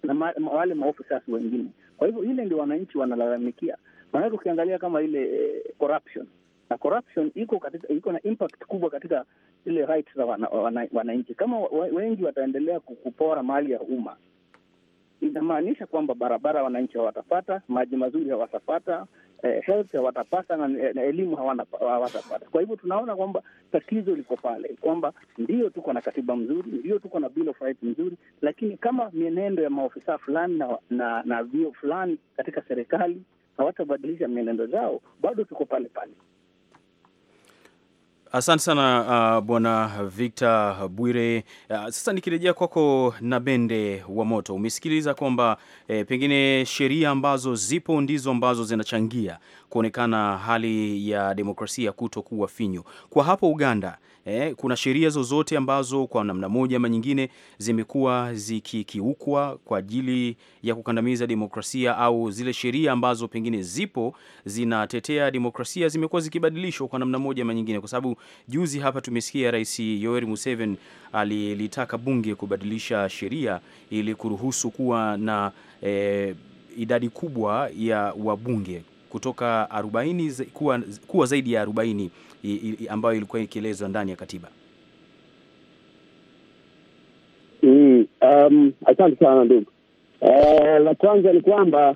na ma, ma, wale maofisa wengine. Kwa hivyo ile ndio wananchi wanalalamikia, maanake ukiangalia kama ile eh, corruption na corruption iko katika iko na impact kubwa katika ile rights za wananchi wana, wana kama wengi wataendelea kupora mali ya umma inamaanisha kwamba barabara wananchi hawatapata, maji mazuri hawatapata, eh, health hawatapata na, eh, na elimu hawatapata. Kwa hivyo tunaona kwamba tatizo liko pale kwamba ndio tuko na katiba mzuri, ndio tuko na bill of rights mzuri, lakini kama mienendo ya maofisa fulani na, na, na vio fulani katika serikali hawatabadilisha mienendo zao, bado tuko pale pale. Asante sana uh, bwana Victor Bwire. Uh, sasa nikirejea kwako na Bende wa Moto, umesikiliza kwamba eh, pengine sheria ambazo zipo ndizo ambazo zinachangia kuonekana hali ya demokrasia kutokuwa finyu kwa hapo Uganda eh, kuna sheria zozote ambazo kwa namna moja ama nyingine zimekuwa zikikiukwa kwa ajili ya kukandamiza demokrasia au zile sheria ambazo pengine zipo zinatetea demokrasia zimekuwa zikibadilishwa kwa namna moja ama nyingine? Kwa sababu juzi hapa tumesikia Rais Yoweri Museveni alilitaka bunge kubadilisha sheria ili kuruhusu kuwa na eh, idadi kubwa ya wabunge kutoka 40 kuwa, kuwa zaidi ya ambayo ilikuwa ikielezwa ndani ya katiba? Mm, um, asante sana ndugu. Uh, la kwanza ni kwamba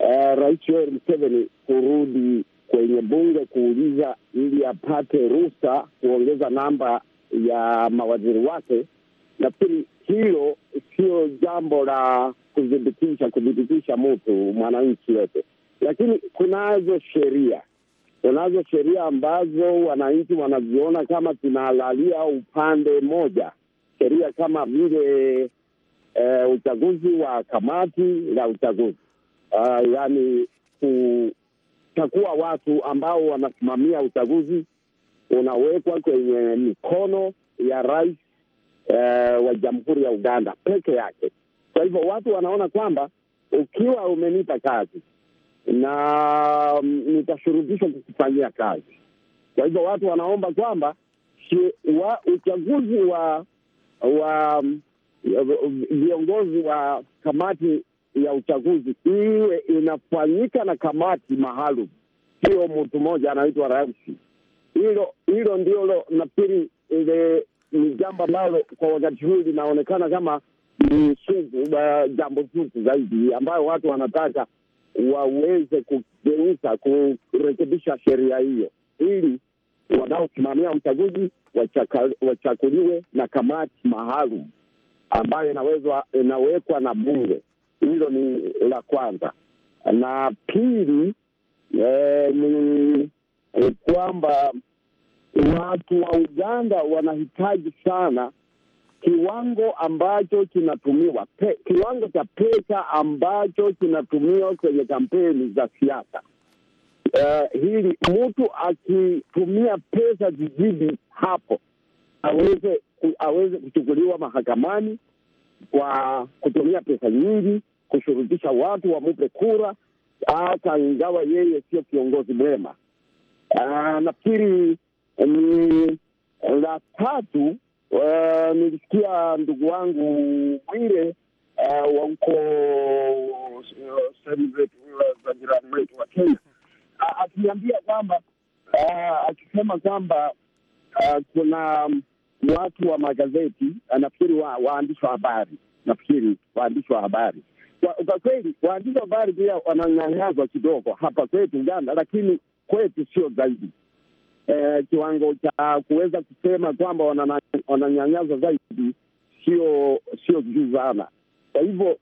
uh, Rais Yoweri Museveni kurudi kwenye bunge kuuliza ili apate ruhusa kuongeza namba ya mawaziri wake, nafikiri hilo sio jambo la kuthibitisha kudhibitisha mtu mwananchi yote, lakini kunazo sheria kunazo sheria ambazo wananchi wanaziona kama zinahalalia upande moja sheria kama vile e, uchaguzi wa kamati la uchaguzi uh, yani kuchagua watu ambao wanasimamia uchaguzi unawekwa kwenye mikono ya rais e, wa Jamhuri ya Uganda peke yake. Kwa hivyo watu wanaona kwamba ukiwa umenipa kazi na mm, nitashurutishwa kukufanyia kazi. Kwa hivyo watu wanaomba kwamba wa, uchaguzi wa wa mm, viongozi wa kamati ya uchaguzi iwe inafanyika na kamati maalum, sio mtu mmoja anaitwa rais. Hilo hilo ndilo nafikiri ile ni jambo ambalo kwa wakati huu linaonekana kama ni sugu, uh, jambo sugu zaidi ambayo watu wanataka waweze kugeuza, kurekebisha sheria hiyo ili wanaosimamia uchaguzi wachaguliwe na kamati maalum ambayo inawekwa na bunge. Hilo ni la kwanza, na pili eh, ni kwamba watu wa Uganda wanahitaji sana kiwango ambacho kinatumiwa pe, kiwango cha pesa ambacho kinatumiwa kwenye kampeni za siasa. Uh, hili mtu akitumia pesa zizidi hapo aweze aweze kuchukuliwa mahakamani kwa kutumia pesa nyingi, kushurutisha watu wamupe kura, hata ingawa yeye sio kiongozi mwema. Uh, nafikiri ni la tatu Uh, nilisikia ndugu wangu Bwire uh, wa huko eh, sehemu zetu za jirani wetu wa Kenya uh, akiniambia kwamba uh, akisema kwamba uh, kuna mm, watu wa magazeti nafikiri wa, waandishi wa habari nafikiri waandishi wa habari kwa kweli waandishi wa habari pia wananyanyazwa kidogo hapa kwetu Uganda, lakini kwetu sio zaidi eh, kiwango cha kuweza kusema kwamba wana zaidi sio sio juu sana. Kwa hivyo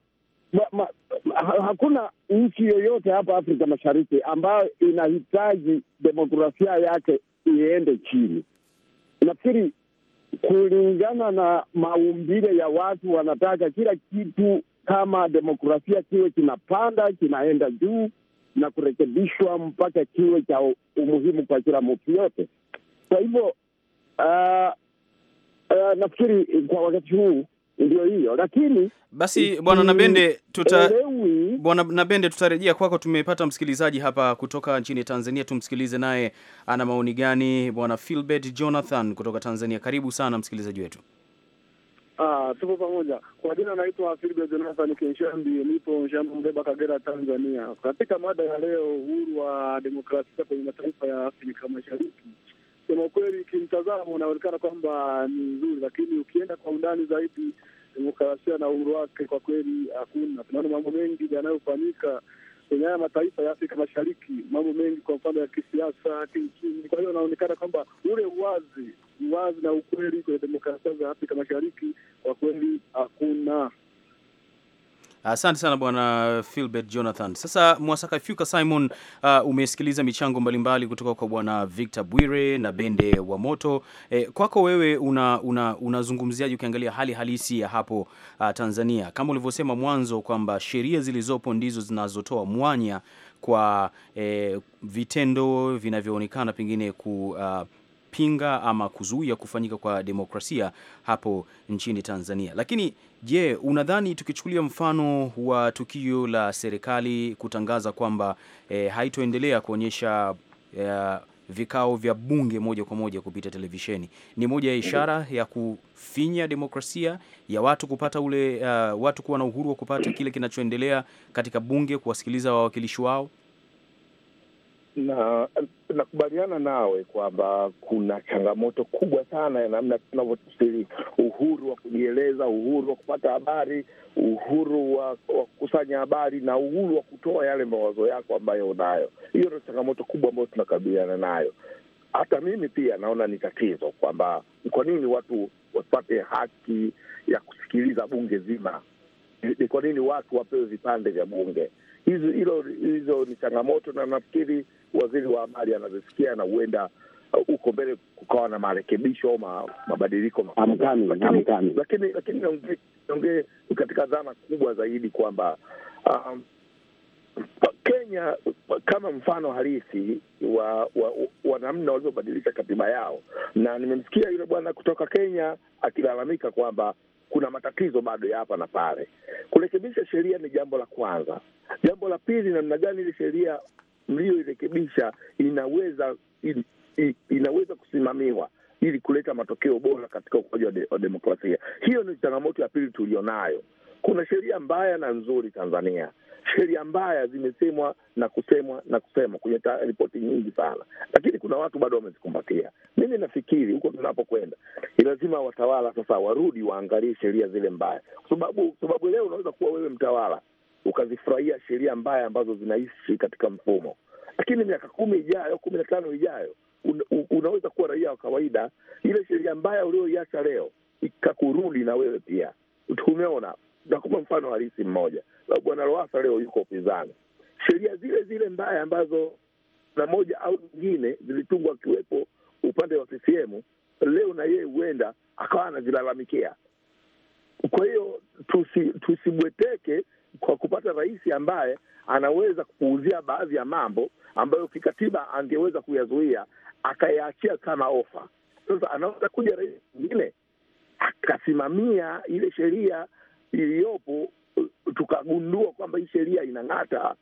hakuna nchi yoyote hapa Afrika Mashariki ambayo inahitaji demokrasia yake iende chini. Nafikiri kulingana na maumbile ya watu, wanataka kila kitu kama demokrasia kiwe kinapanda kinaenda juu na kurekebishwa mpaka kiwe cha umuhimu kwa kila mtu yote. Kwa hivyo uh, uh, nafikiri kwa wakati huu ndio hiyo, lakini basi bwana Nabende, tuta bwana Nabende, tutarejea kwako. Tumepata msikilizaji hapa kutoka nchini Tanzania, tumsikilize naye ana maoni gani. Bwana Philbert Jonathan kutoka Tanzania, karibu sana msikilizaji wetu. Ah, tupo pamoja. Kwa jina naitwa Silvia Jonathan Kenshambi, nipo Shamba Mreba, Kagera, Tanzania. Katika mada ya leo, uhuru wa demokrasia kwenye mataifa ya Afrika Mashariki, sema kweli kimtazamo unaonekana kwamba ni nzuri, lakini ukienda kwa undani zaidi, demokrasia na uhuru wake kwa kweli hakuna. Tunaona mambo mengi yanayofanyika kwenye haya mataifa ya Afrika Mashariki, mambo mengi, kwa mfano ya kisiasa, kiuchumi. Kwa hiyo anaonekana kwamba ule uwazi uwazi na ukweli kwenye demokrasia za Afrika Mashariki kwa kweli hakuna. Asante sana bwana Philbert Jonathan. Sasa Mwasakafyuka Simon, uh, umesikiliza michango mbalimbali kutoka kwa bwana Victor Bwire na Bende wa Moto. E, kwako wewe unazungumziaje una, una ukiangalia hali halisi ya hapo uh, Tanzania kama ulivyosema mwanzo kwamba sheria zilizopo ndizo zinazotoa mwanya kwa eh, vitendo vinavyoonekana pengine ku uh, pinga ama kuzuia kufanyika kwa demokrasia hapo nchini Tanzania. Lakini Je, unadhani tukichukulia mfano wa tukio la serikali kutangaza kwamba e, haitoendelea kuonyesha e, vikao vya bunge moja kwa moja kupita televisheni, ni moja ya ishara ya kufinya demokrasia ya watu kupata ule uh, watu kuwa na uhuru wa kupata kile kinachoendelea katika bunge, kuwasikiliza wawakilishi wao? na nakubaliana nawe kwamba kuna changamoto kubwa sana ya namna tunavyotafsiri uhuru wa kujieleza, uhuru wa kupata habari, uhuru wa kukusanya habari na uhuru wa kutoa yale mawazo yako ambayo unayo. Hiyo ndio changamoto kubwa ambayo tunakabiliana nayo. Hata mimi pia naona ni tatizo kwamba kwa nini watu wasipate haki ya kusikiliza bunge zima? Ni kwa nini watu wapewe vipande vya bunge? Hizo hizo ni changamoto, na nafikiri waziri wa amali anavyosikia, na huenda huko uh, mbele kukawa na marekebisho au mabadiliko, lakini lakini niongee katika dhana kubwa zaidi kwamba um, Kenya kama mfano halisi wa wa namna walivyobadilisha katiba yao, na nimemsikia yule bwana kutoka Kenya akilalamika kwamba kuna matatizo bado ya hapa na pale. Kurekebisha sheria ni jambo la kwanza. Jambo la pili, namna gani ile sheria mliyoirekebisha inaweza in, in, inaweza kusimamiwa ili kuleta matokeo bora katika ukuaji wa, de, wa demokrasia. Hiyo ni changamoto ya pili nayo Kuna sheria mbaya na nzuri Tanzania. Sheria mbaya zimesemwa na kusemwa na kusemwa kwenye ripoti nyingi sana, lakini kuna watu bado wamezikumbatia. Mimi nafikiri huko tunapokwenda ni lazima watawala sasa warudi waangalie sheria zile mbaya, kwa sababu sababu leo unaweza kuwa wewe mtawala ukazifurahia sheria mbaya ambazo zinaishi katika mfumo, lakini miaka kumi ijayo, kumi na tano ijayo, un, unaweza kuwa raia wa kawaida, ile sheria mbaya ulioiacha leo ikakurudi na wewe pia. Tumeona, nakupa mfano halisi mmoja, Bwana Lowassa leo yuko upinzani, sheria zile zile mbaya ambazo na moja au nyingine zilitungwa akiwepo upande wa CCM, leo na yeye huenda akawa anazilalamikia. Kwa hiyo tusi, tusibweteke kwa kupata rais ambaye anaweza kupuuzia baadhi ya mambo ambayo kikatiba angeweza kuyazuia akayaachia kama ofa. Sasa anaweza kuja rais mwingine akasimamia ile sheria iliyopo, tukagundua kwamba hii sheria inang'ata.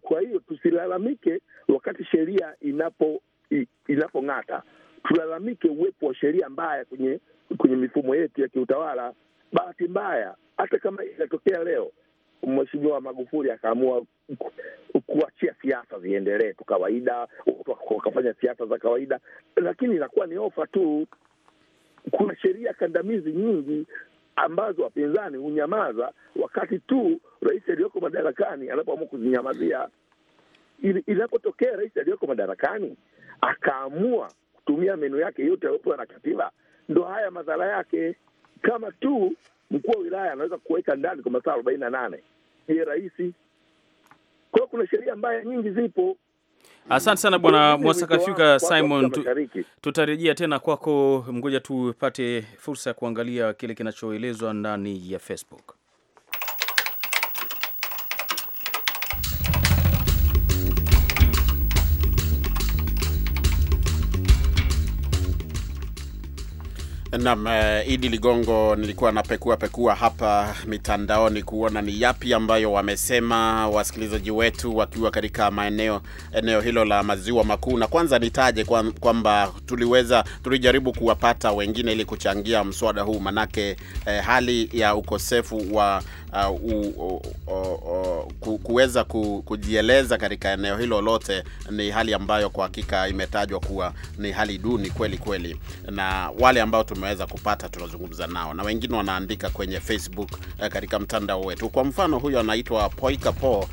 Kwa hiyo tusilalamike wakati sheria inapo inapong'ata, tulalamike uwepo wa sheria mbaya kwenye kwenye mifumo yetu ya kiutawala. Bahati mbaya, hata kama inatokea leo Mheshimiwa Magufuli akaamua kuachia siasa ziendelee tu kawaida, wakafanya siasa za kawaida, lakini inakuwa ni ofa tu. Kuna sheria kandamizi nyingi ambazo wapinzani hunyamaza wakati tu rais aliyoko madarakani anapoamua kuzinyamazia. Inapotokea rais aliyoko madarakani akaamua kutumia meno yake yote aliyopewa na katiba, ndo haya madhara yake, kama tu mkuu wa wilaya anaweza kuweka ndani kwa masaa arobaini na nane. Je, rahisi Kwa hiyo kuna sheria mbaya nyingi zipo. Asante sana Bwana Mwasakafyuka Simon, tutarejea tena kwako. mngoja tupate fursa ya kuangalia kile kinachoelezwa ndani ya Facebook. uh, Idi Ligongo, nilikuwa napekua pekua hapa mitandaoni kuona ni yapi ambayo wamesema wasikilizaji wetu wakiwa katika maeneo eneo hilo la maziwa makuu, na kwanza nitaje kwamba kwa tuliweza tulijaribu kuwapata wengine ili kuchangia mswada huu, manake eh, hali ya ukosefu wa uh, uh, uh, uh, kuweza kujieleza katika eneo hilo lote, ni hali ambayo kwa hakika imetajwa kuwa ni hali duni kweli kweli, na wale ambao tumeweza kupata tunazungumza nao na wengine wanaandika kwenye Facebook uh, katika mtandao wetu. Kwa mfano huyo anaitwa Poika Po uh,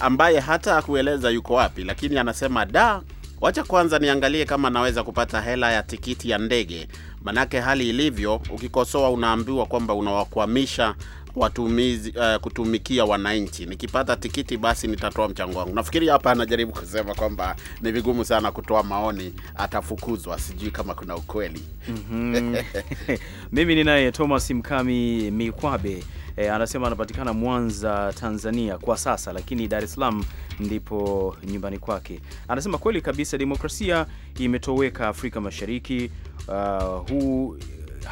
ambaye hata akueleza yuko wapi, lakini anasema da Wacha kwanza niangalie kama naweza kupata hela ya tikiti ya ndege, manake hali ilivyo, ukikosoa unaambiwa kwamba unawakwamisha watumizi uh, kutumikia wananchi. Nikipata tikiti, basi nitatoa mchango wangu. Nafikiri hapa anajaribu kusema kwamba ni vigumu sana kutoa maoni, atafukuzwa. Sijui kama kuna ukweli mm -hmm. Mimi ni naye Thomas Mkami Mikwabe. E, anasema anapatikana Mwanza, Tanzania kwa sasa, lakini Dar es Salaam ndipo nyumbani kwake. Anasema kweli kabisa demokrasia imetoweka Afrika Mashariki. Uh, huu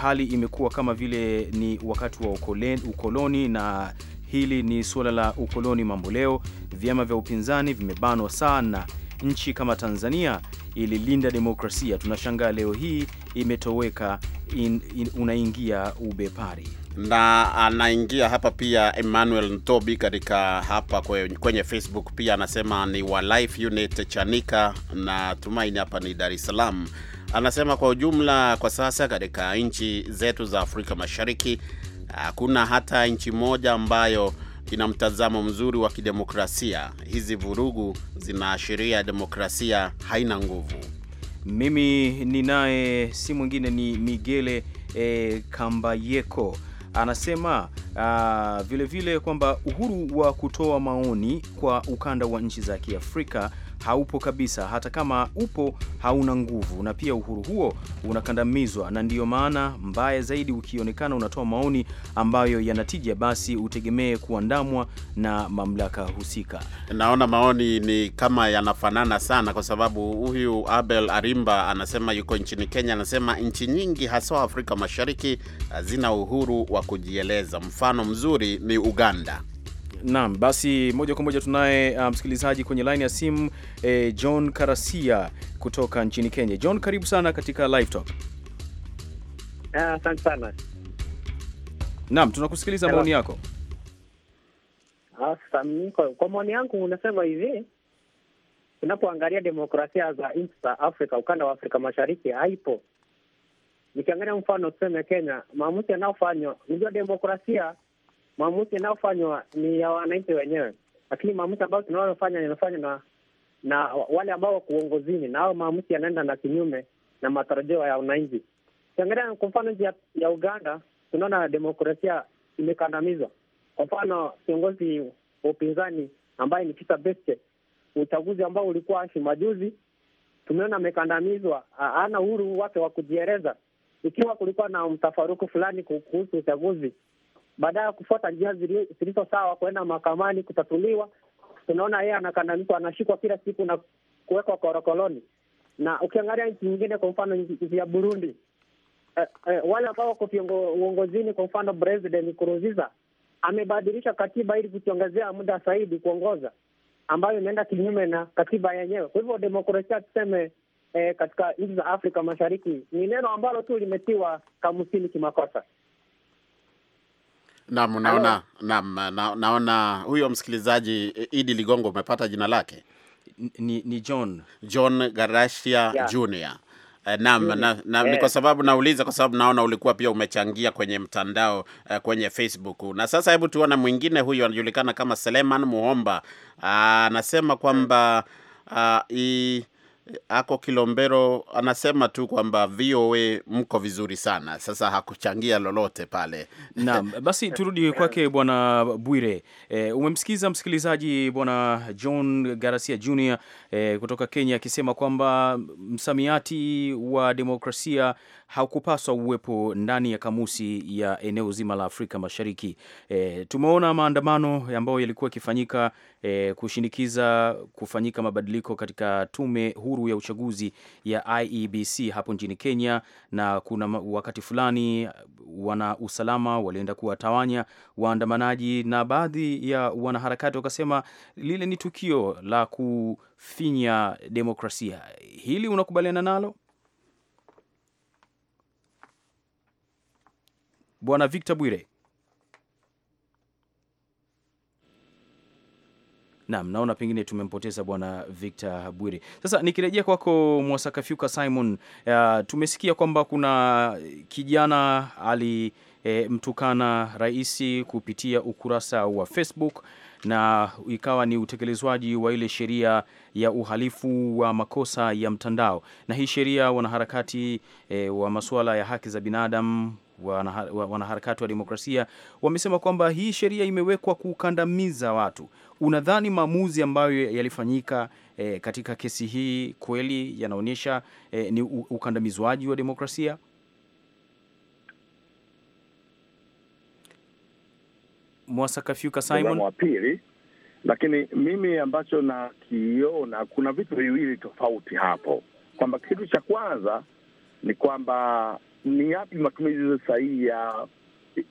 hali imekuwa kama vile ni wakati wa ukoloni, na hili ni suala la ukoloni mambo leo. Vyama vya upinzani vimebanwa sana. Nchi kama Tanzania ililinda demokrasia, tunashangaa leo hii imetoweka, in, in, unaingia ubepari na anaingia hapa pia Emmanuel Ntobi katika hapa kwenye, kwenye Facebook pia anasema ni wa Life Unit Chanika na tumaini hapa ni Dar es Salaam. Anasema kwa ujumla, kwa sasa katika nchi zetu za Afrika Mashariki hakuna hata nchi moja ambayo ina mtazamo mzuri wa kidemokrasia. Hizi vurugu zinaashiria demokrasia haina nguvu. Mimi ni naye, si mwingine ni Migele e, Kambayeko anasema vilevile ah, kwamba uhuru wa kutoa maoni kwa ukanda wa nchi za Kiafrika haupo kabisa, hata kama upo hauna nguvu, na pia uhuru huo unakandamizwa, na ndiyo maana mbaya zaidi, ukionekana unatoa maoni ambayo yanatija, basi utegemee kuandamwa na mamlaka husika. Naona maoni ni kama yanafanana sana, kwa sababu huyu Abel Arimba anasema yuko nchini Kenya, anasema nchi nyingi haswa Afrika Mashariki hazina uhuru wa kujieleza. Mfano mzuri ni Uganda. Naam, basi moja kwa moja tunaye uh, msikilizaji um, kwenye line ya simu eh, John Karasia kutoka nchini Kenya. John, karibu sana katika live talk. Ah, asante uh, sana. Naam, tunakusikiliza. maoni yako. Awesome. Ah, kwa maoni yangu unasema hivi, unapoangalia demokrasia za nchi za Afrika, ukanda wa Afrika Mashariki haipo. Nikiangalia mfano tuseme Kenya, maamuzi yanayofanywa, unajua demokrasia maamuzi yanayofanywa ni ya wananchi wenyewe, lakini maamuzi ambayo tunayofanya yanafanywa na na wale ambao wako uongozini, na hao maamuzi yanaenda na kinyume na matarajio ya wananchi. Ukiangalia kwa mfano nchi ya Uganda, tunaona demokrasia imekandamizwa. Kwa mfano kiongozi wa upinzani ambaye ni Kizza Besigye, uchaguzi ambao ulikuwa hivi majuzi, tumeona amekandamizwa, hana uhuru wake wa kujieleza. Ikiwa kulikuwa na mtafaruku fulani kuhusu uchaguzi, baadaye kufuata njia zilizo sawa kuenda mahakamani kutatuliwa. Tunaona yeye anakandamizwa, anashikwa kila siku na kuwekwa korokoroni. Na ukiangalia nchi nyingine, kwa mfano nchi ya Burundi, eh, eh, wale ambao wako uongozini, kwa mfano President Nkurunziza amebadilisha katiba ili kujiongezea muda zaidi kuongoza, ambayo imeenda kinyume na katiba yenyewe. Kwa hivyo demokrasia tuseme eh, katika nchi za Afrika Mashariki ni neno ambalo tu limetiwa kamusini kimakosa. Naam, naona naam, na, naona huyo msikilizaji eh, Idi Ligongo, umepata jina lake ni, ni John John Garashia yeah. Junior eh, Naam, na, na, yeah. Ni kwa sababu nauliza kwa sababu naona ulikuwa pia umechangia kwenye mtandao uh, kwenye Facebook. Na sasa hebu tuone mwingine huyu anajulikana kama Seleman Muhomba ah, anasema uh, kwamba uh, ako Kilombero anasema tu kwamba VOA mko vizuri sana. Sasa hakuchangia lolote pale. Naam, basi turudi kwake bwana Bwire. E, umemsikiza msikilizaji bwana John Garasia Jr. e, kutoka Kenya akisema kwamba msamiati wa demokrasia haukupaswa uwepo ndani ya kamusi ya eneo zima la Afrika Mashariki. E, tumeona maandamano ambayo yalikuwa yakifanyika e, kushinikiza kufanyika mabadiliko katika tume huru ya uchaguzi ya IEBC hapo nchini Kenya, na kuna wakati fulani wana usalama walienda kuwatawanya waandamanaji na baadhi ya wanaharakati wakasema lile ni tukio la kufinya demokrasia. Hili unakubaliana nalo? Bwana Victor Bwire. Naam, naona pengine tumempoteza bwana Victor Bwire. Sasa nikirejea kwako Mwasakafyuka Simon, uh, tumesikia kwamba kuna kijana alimtukana e, rais kupitia ukurasa wa Facebook na ikawa ni utekelezwaji wa ile sheria ya uhalifu wa makosa ya mtandao, na hii sheria wanaharakati e, wa masuala ya haki za binadamu wanaharakati wa demokrasia wamesema kwamba hii sheria imewekwa kukandamiza watu. Unadhani maamuzi ambayo yalifanyika e, katika kesi hii kweli yanaonyesha e, ni ukandamizwaji wa demokrasia? Mwasakafyuka Simon wa pili. Lakini mimi ambacho nakiona kuna vitu viwili tofauti hapo, kwamba kitu cha kwanza ni kwamba ni yapi matumizi sahihi ya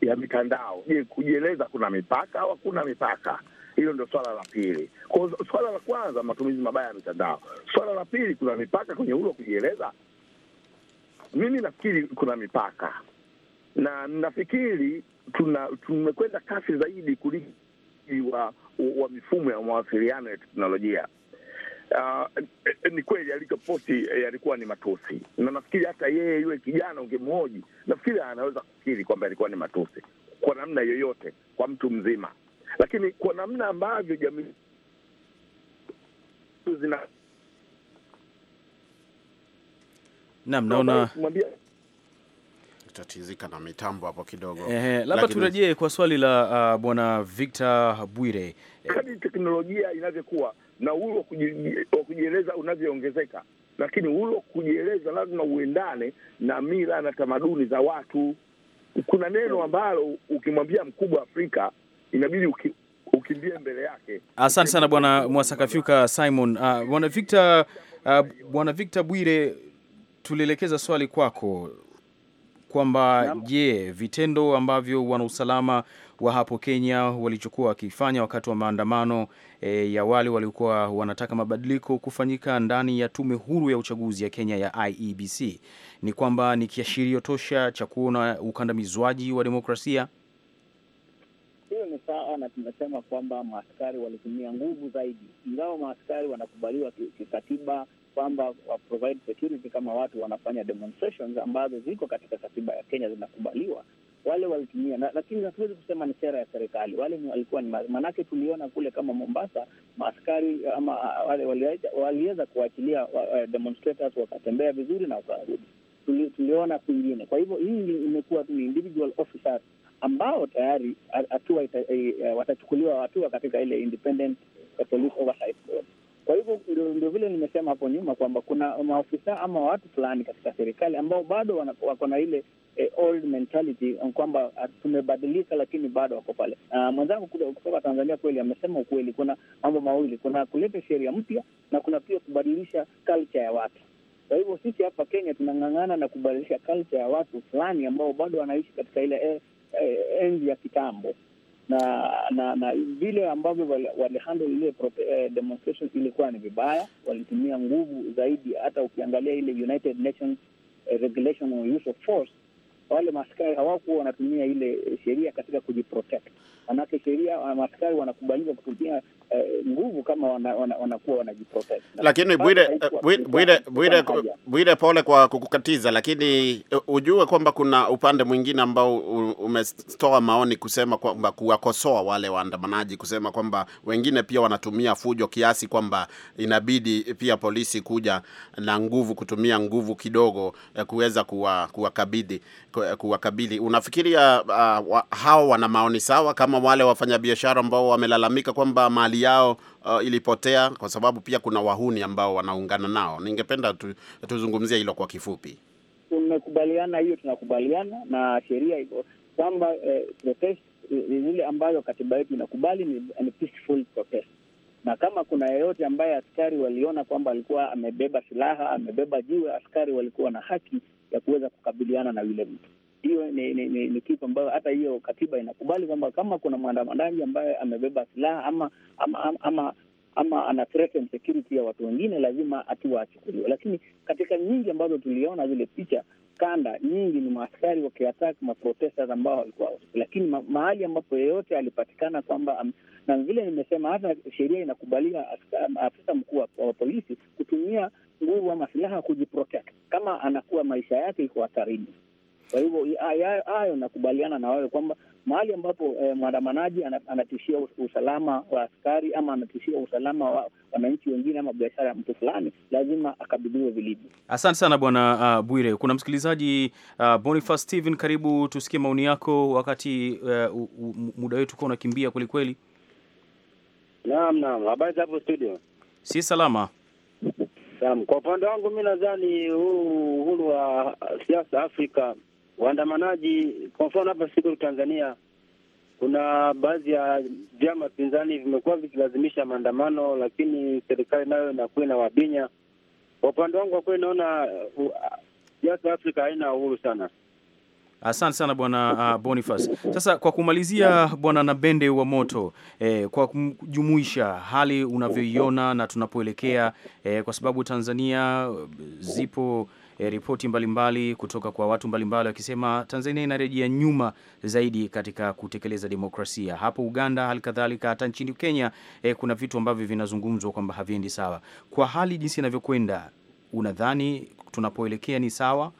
ya mitandao? Je, kujieleza kuna mipaka au hakuna mipaka? Hilo ndio swala la pili. Kwa swala la kwanza, matumizi mabaya ya mitandao. Swala la pili, kuna mipaka kwenye uhuru wa kujieleza? Mimi nafikiri kuna mipaka, na nafikiri tuna tumekwenda kasi zaidi kuliko wa, wa mifumo ya mawasiliano ya teknolojia. Uh, ni kweli alichoposti eh, yalikuwa ni matusi, na nafikiri hata yeye yule kijana ungemhoji, nafikiri anaweza kufikiri kwamba yalikuwa ni matusi kwa namna yoyote kwa mtu mzima, lakini kwa namna ambavyo jamii zina nam naona tatizika na mitambo hapo kidogo eh, labda turejee kwa swali la uh, bwana Victor Bwire. Kadri teknolojia inavyokuwa na uhuru wa kujieleza unavyoongezeka, lakini uhuru wa kujieleza lazima uendane na mila na tamaduni za watu. Kuna neno mm. ambalo ukimwambia mkubwa wa Afrika inabidi uki ukimbie mbele yake. Asante sana Bwana Mwasakafyuka Simon. Uh, Bwana Victor, uh, Bwana Victor Bwire tulielekeza swali kwako kwamba je, vitendo ambavyo wanausalama wa hapo Kenya walichokuwa wakifanya wakati wa maandamano e, ya wale waliokuwa wanataka mabadiliko kufanyika ndani ya tume huru ya uchaguzi ya Kenya ya IEBC ni kwamba ni kiashirio tosha cha kuona ukandamizwaji wa demokrasia. Hiyo ni sawa, na tunasema kwamba maaskari walitumia nguvu zaidi, ingawa maaskari wanakubaliwa kikatiba kwamba wa provide security kama watu wanafanya demonstrations ambazo ziko katika katiba ya Kenya zinakubaliwa, wale walitumia na, lakini hatuwezi kusema ni sera ya serikali. Wale walikuwa ni maanake, tuliona kule kama Mombasa maaskari eh, ama ah, wale waliweza kuachilia uh, eh, demonstrators wakatembea vizuri na wakarudi. Tuli, tuliona kwingine. Kwa hivyo hii imekuwa tu individual officers ambao tayari hatua eh, watachukuliwa hatua katika ile independent police oversight board. Kwa hivyo ndio vile nimesema hapo nyuma kwamba kuna maofisa ama watu fulani katika serikali ambao bado wako na ile eh, old mentality kwamba tumebadilika, lakini bado wako pale. Uh, mwenzangu kutoka Tanzania kweli amesema ukweli. Kuna mambo mawili, kuna kuleta sheria mpya na kuna pia kubadilisha culture ya watu. Kwa hivyo sisi hapa Kenya tunang'ang'ana na kubadilisha culture ya watu fulani ambao bado wanaishi katika ile eh, eh, enzi ya kitambo na na na vile ambavyo walihandle wali ile prote, eh, ilikuwa ni vibaya, walitumia nguvu zaidi. Hata ukiangalia ile United Nations eh, regulation on use of force wale maaskari hawakuwa wanatumia ile sheria katika kujiprotect, manake sheria maaskari wanakubaliwa kutumia Eh, nguvu uh, kama wanakuwa wana, wana wanajiprotest. Lakini Bwire eh, Bwire Bwire Bwire, pole kwa kukukatiza, lakini eh, ujue kwamba kuna upande mwingine ambao umetoa maoni kusema kwamba kuwakosoa wale waandamanaji, kusema kwamba wengine pia wanatumia fujo kiasi kwamba inabidi pia polisi kuja na nguvu, kutumia nguvu kidogo kuweza kuwakabidhi kuwakabili. Unafikiria uh, ah, hawa wana maoni sawa kama wale wafanyabiashara ambao wamelalamika kwamba mali yao uh, ilipotea kwa sababu pia kuna wahuni ambao wanaungana nao. Ningependa tu, tuzungumzie hilo kwa kifupi. Tumekubaliana hiyo, tunakubaliana na sheria hivyo kwamba eh, protest zile eh, ambazo katiba yetu inakubali ni, ni peaceful protest, na kama kuna yeyote ambaye askari waliona kwamba alikuwa amebeba silaha, amebeba jiwe, askari walikuwa na haki ya kuweza kukabiliana na yule mtu hiyo ni, ni, ni, ni kitu ambayo hata hiyo katiba inakubali kwamba kama kuna mwandamanaji ambaye amebeba silaha ama ama, ama, ama ama ana threaten security ya watu wengine, lazima hatua achukuliwe. Lakini katika nyingi ambazo tuliona zile picha kanda nyingi, ni maaskari wakiattack maprotesters ambao walikuwa, lakini ma mahali ambapo yeyote alipatikana kwamba, na vile nimesema, hata sheria inakubalia afisa mkuu wa polisi kutumia nguvu ama silaha kujiprotect kama anakuwa maisha yake iko hatarini. Kwa hivyo hayo nakubaliana na wewe kwamba mahali ambapo eh, mwandamanaji anatishia usalama wa askari ama anatishia usalama wa wananchi wengine ama biashara ya mtu fulani, lazima akabidhiwe vilivyo. Asante sana bwana uh, Bwire. Kuna msikilizaji uh, Boniface Steven, karibu tusikie maoni yako, wakati uh, muda wetu ukawa unakimbia kwelikweli. Naam, naam, habari za hapo studio? Si salama. Naam, kwa upande wangu mi nadhani huu uhuru wa siasa Afrika waandamanaji. Kwa mfano hapa siku Tanzania, kuna baadhi ya vyama pinzani vimekuwa vikilazimisha maandamano, lakini serikali nayo inakuwa wabinya Kwa upande wangu, kwa kweli naona uh, siasa ya Afrika haina uhuru sana. Asante sana bwana uh, Boniface. Sasa kwa kumalizia, bwana Nabende wa Moto, eh, kwa kujumuisha hali unavyoiona na tunapoelekea, eh, kwa sababu Tanzania eh, zipo e, ripoti mbalimbali kutoka kwa watu mbalimbali wakisema Tanzania inarejea nyuma zaidi katika kutekeleza demokrasia. Hapo Uganda halikadhalika, hata nchini Kenya e, kuna vitu ambavyo vinazungumzwa kwamba haviendi sawa. Kwa hali jinsi inavyokwenda, unadhani tunapoelekea ni sawa?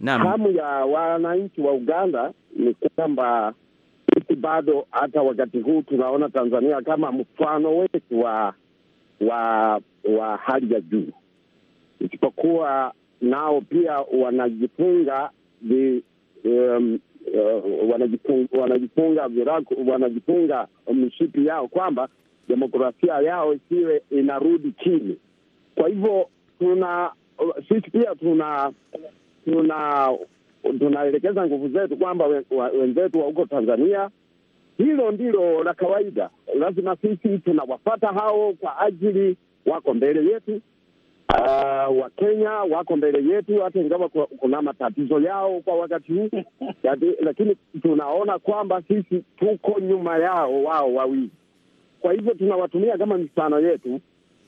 Naam. Hamu ya wananchi wa Uganda ni kwamba bado hata wakati huu tunaona Tanzania kama mfano wetu wa wa wa hali ya juu, isipokuwa nao pia wanajifunga vi, um, uh, eh, wanajifunga wanajifunga, viraku, wanajifunga mishipi yao kwamba demokrasia yao isiwe inarudi chini. Kwa hivyo tuna sisi pia tuna tuna tunaelekeza nguvu zetu kwamba wenzetu wa huko Tanzania hilo ndilo la kawaida. Lazima sisi tunawapata hao, kwa ajili wako mbele yetu. Uh, ah, Wakenya wako mbele yetu, hata ingawa kuna matatizo yao kwa wakati huu lakini tunaona kwamba sisi tuko nyuma yao wao wawili. Kwa hivyo tunawatumia kama mifano yetu,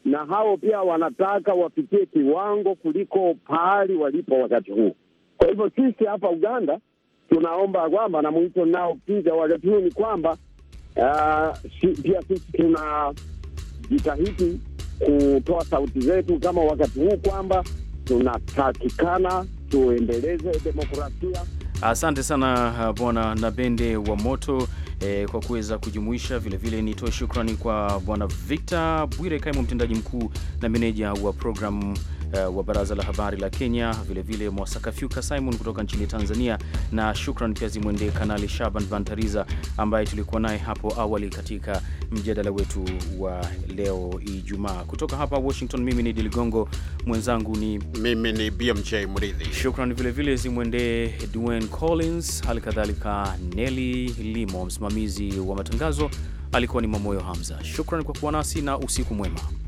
na hao pia wanataka wapitie kiwango kuliko pahali walipo wakati huu. Kwa hivyo sisi hapa Uganda tunaomba kwamba na mwito naopiga wakati huu ni kwamba ah, pia uh, sisi jitahidi kutoa sauti zetu kama wakati huu kwamba tunatakikana tuendeleze demokrasia. Asante sana ah, Bwana Nabende wa Moto eh, kwa kuweza kujumuisha. Vilevile nitoe shukrani kwa Bwana Victor Bwire, kaimu mtendaji mkuu na meneja wa programu Eh, wa baraza la habari la Kenya, vilevile Mwasakafyuka Simon kutoka nchini Tanzania, na shukran pia zimwendee Kanali Shaban vantariza ambaye tulikuwa naye hapo awali katika mjadala wetu wa leo Ijumaa. Kutoka hapa Washington, mimi ni Diligongo, mwenzangu ni mimi ni BMJ Mridhi. Shukran vilevile zimwendee Dwayne Collins, hali kadhalika Nelly Limo, msimamizi wa matangazo alikuwa ni Mamoyo Hamza. Shukran kwa kuwa nasi na usiku mwema.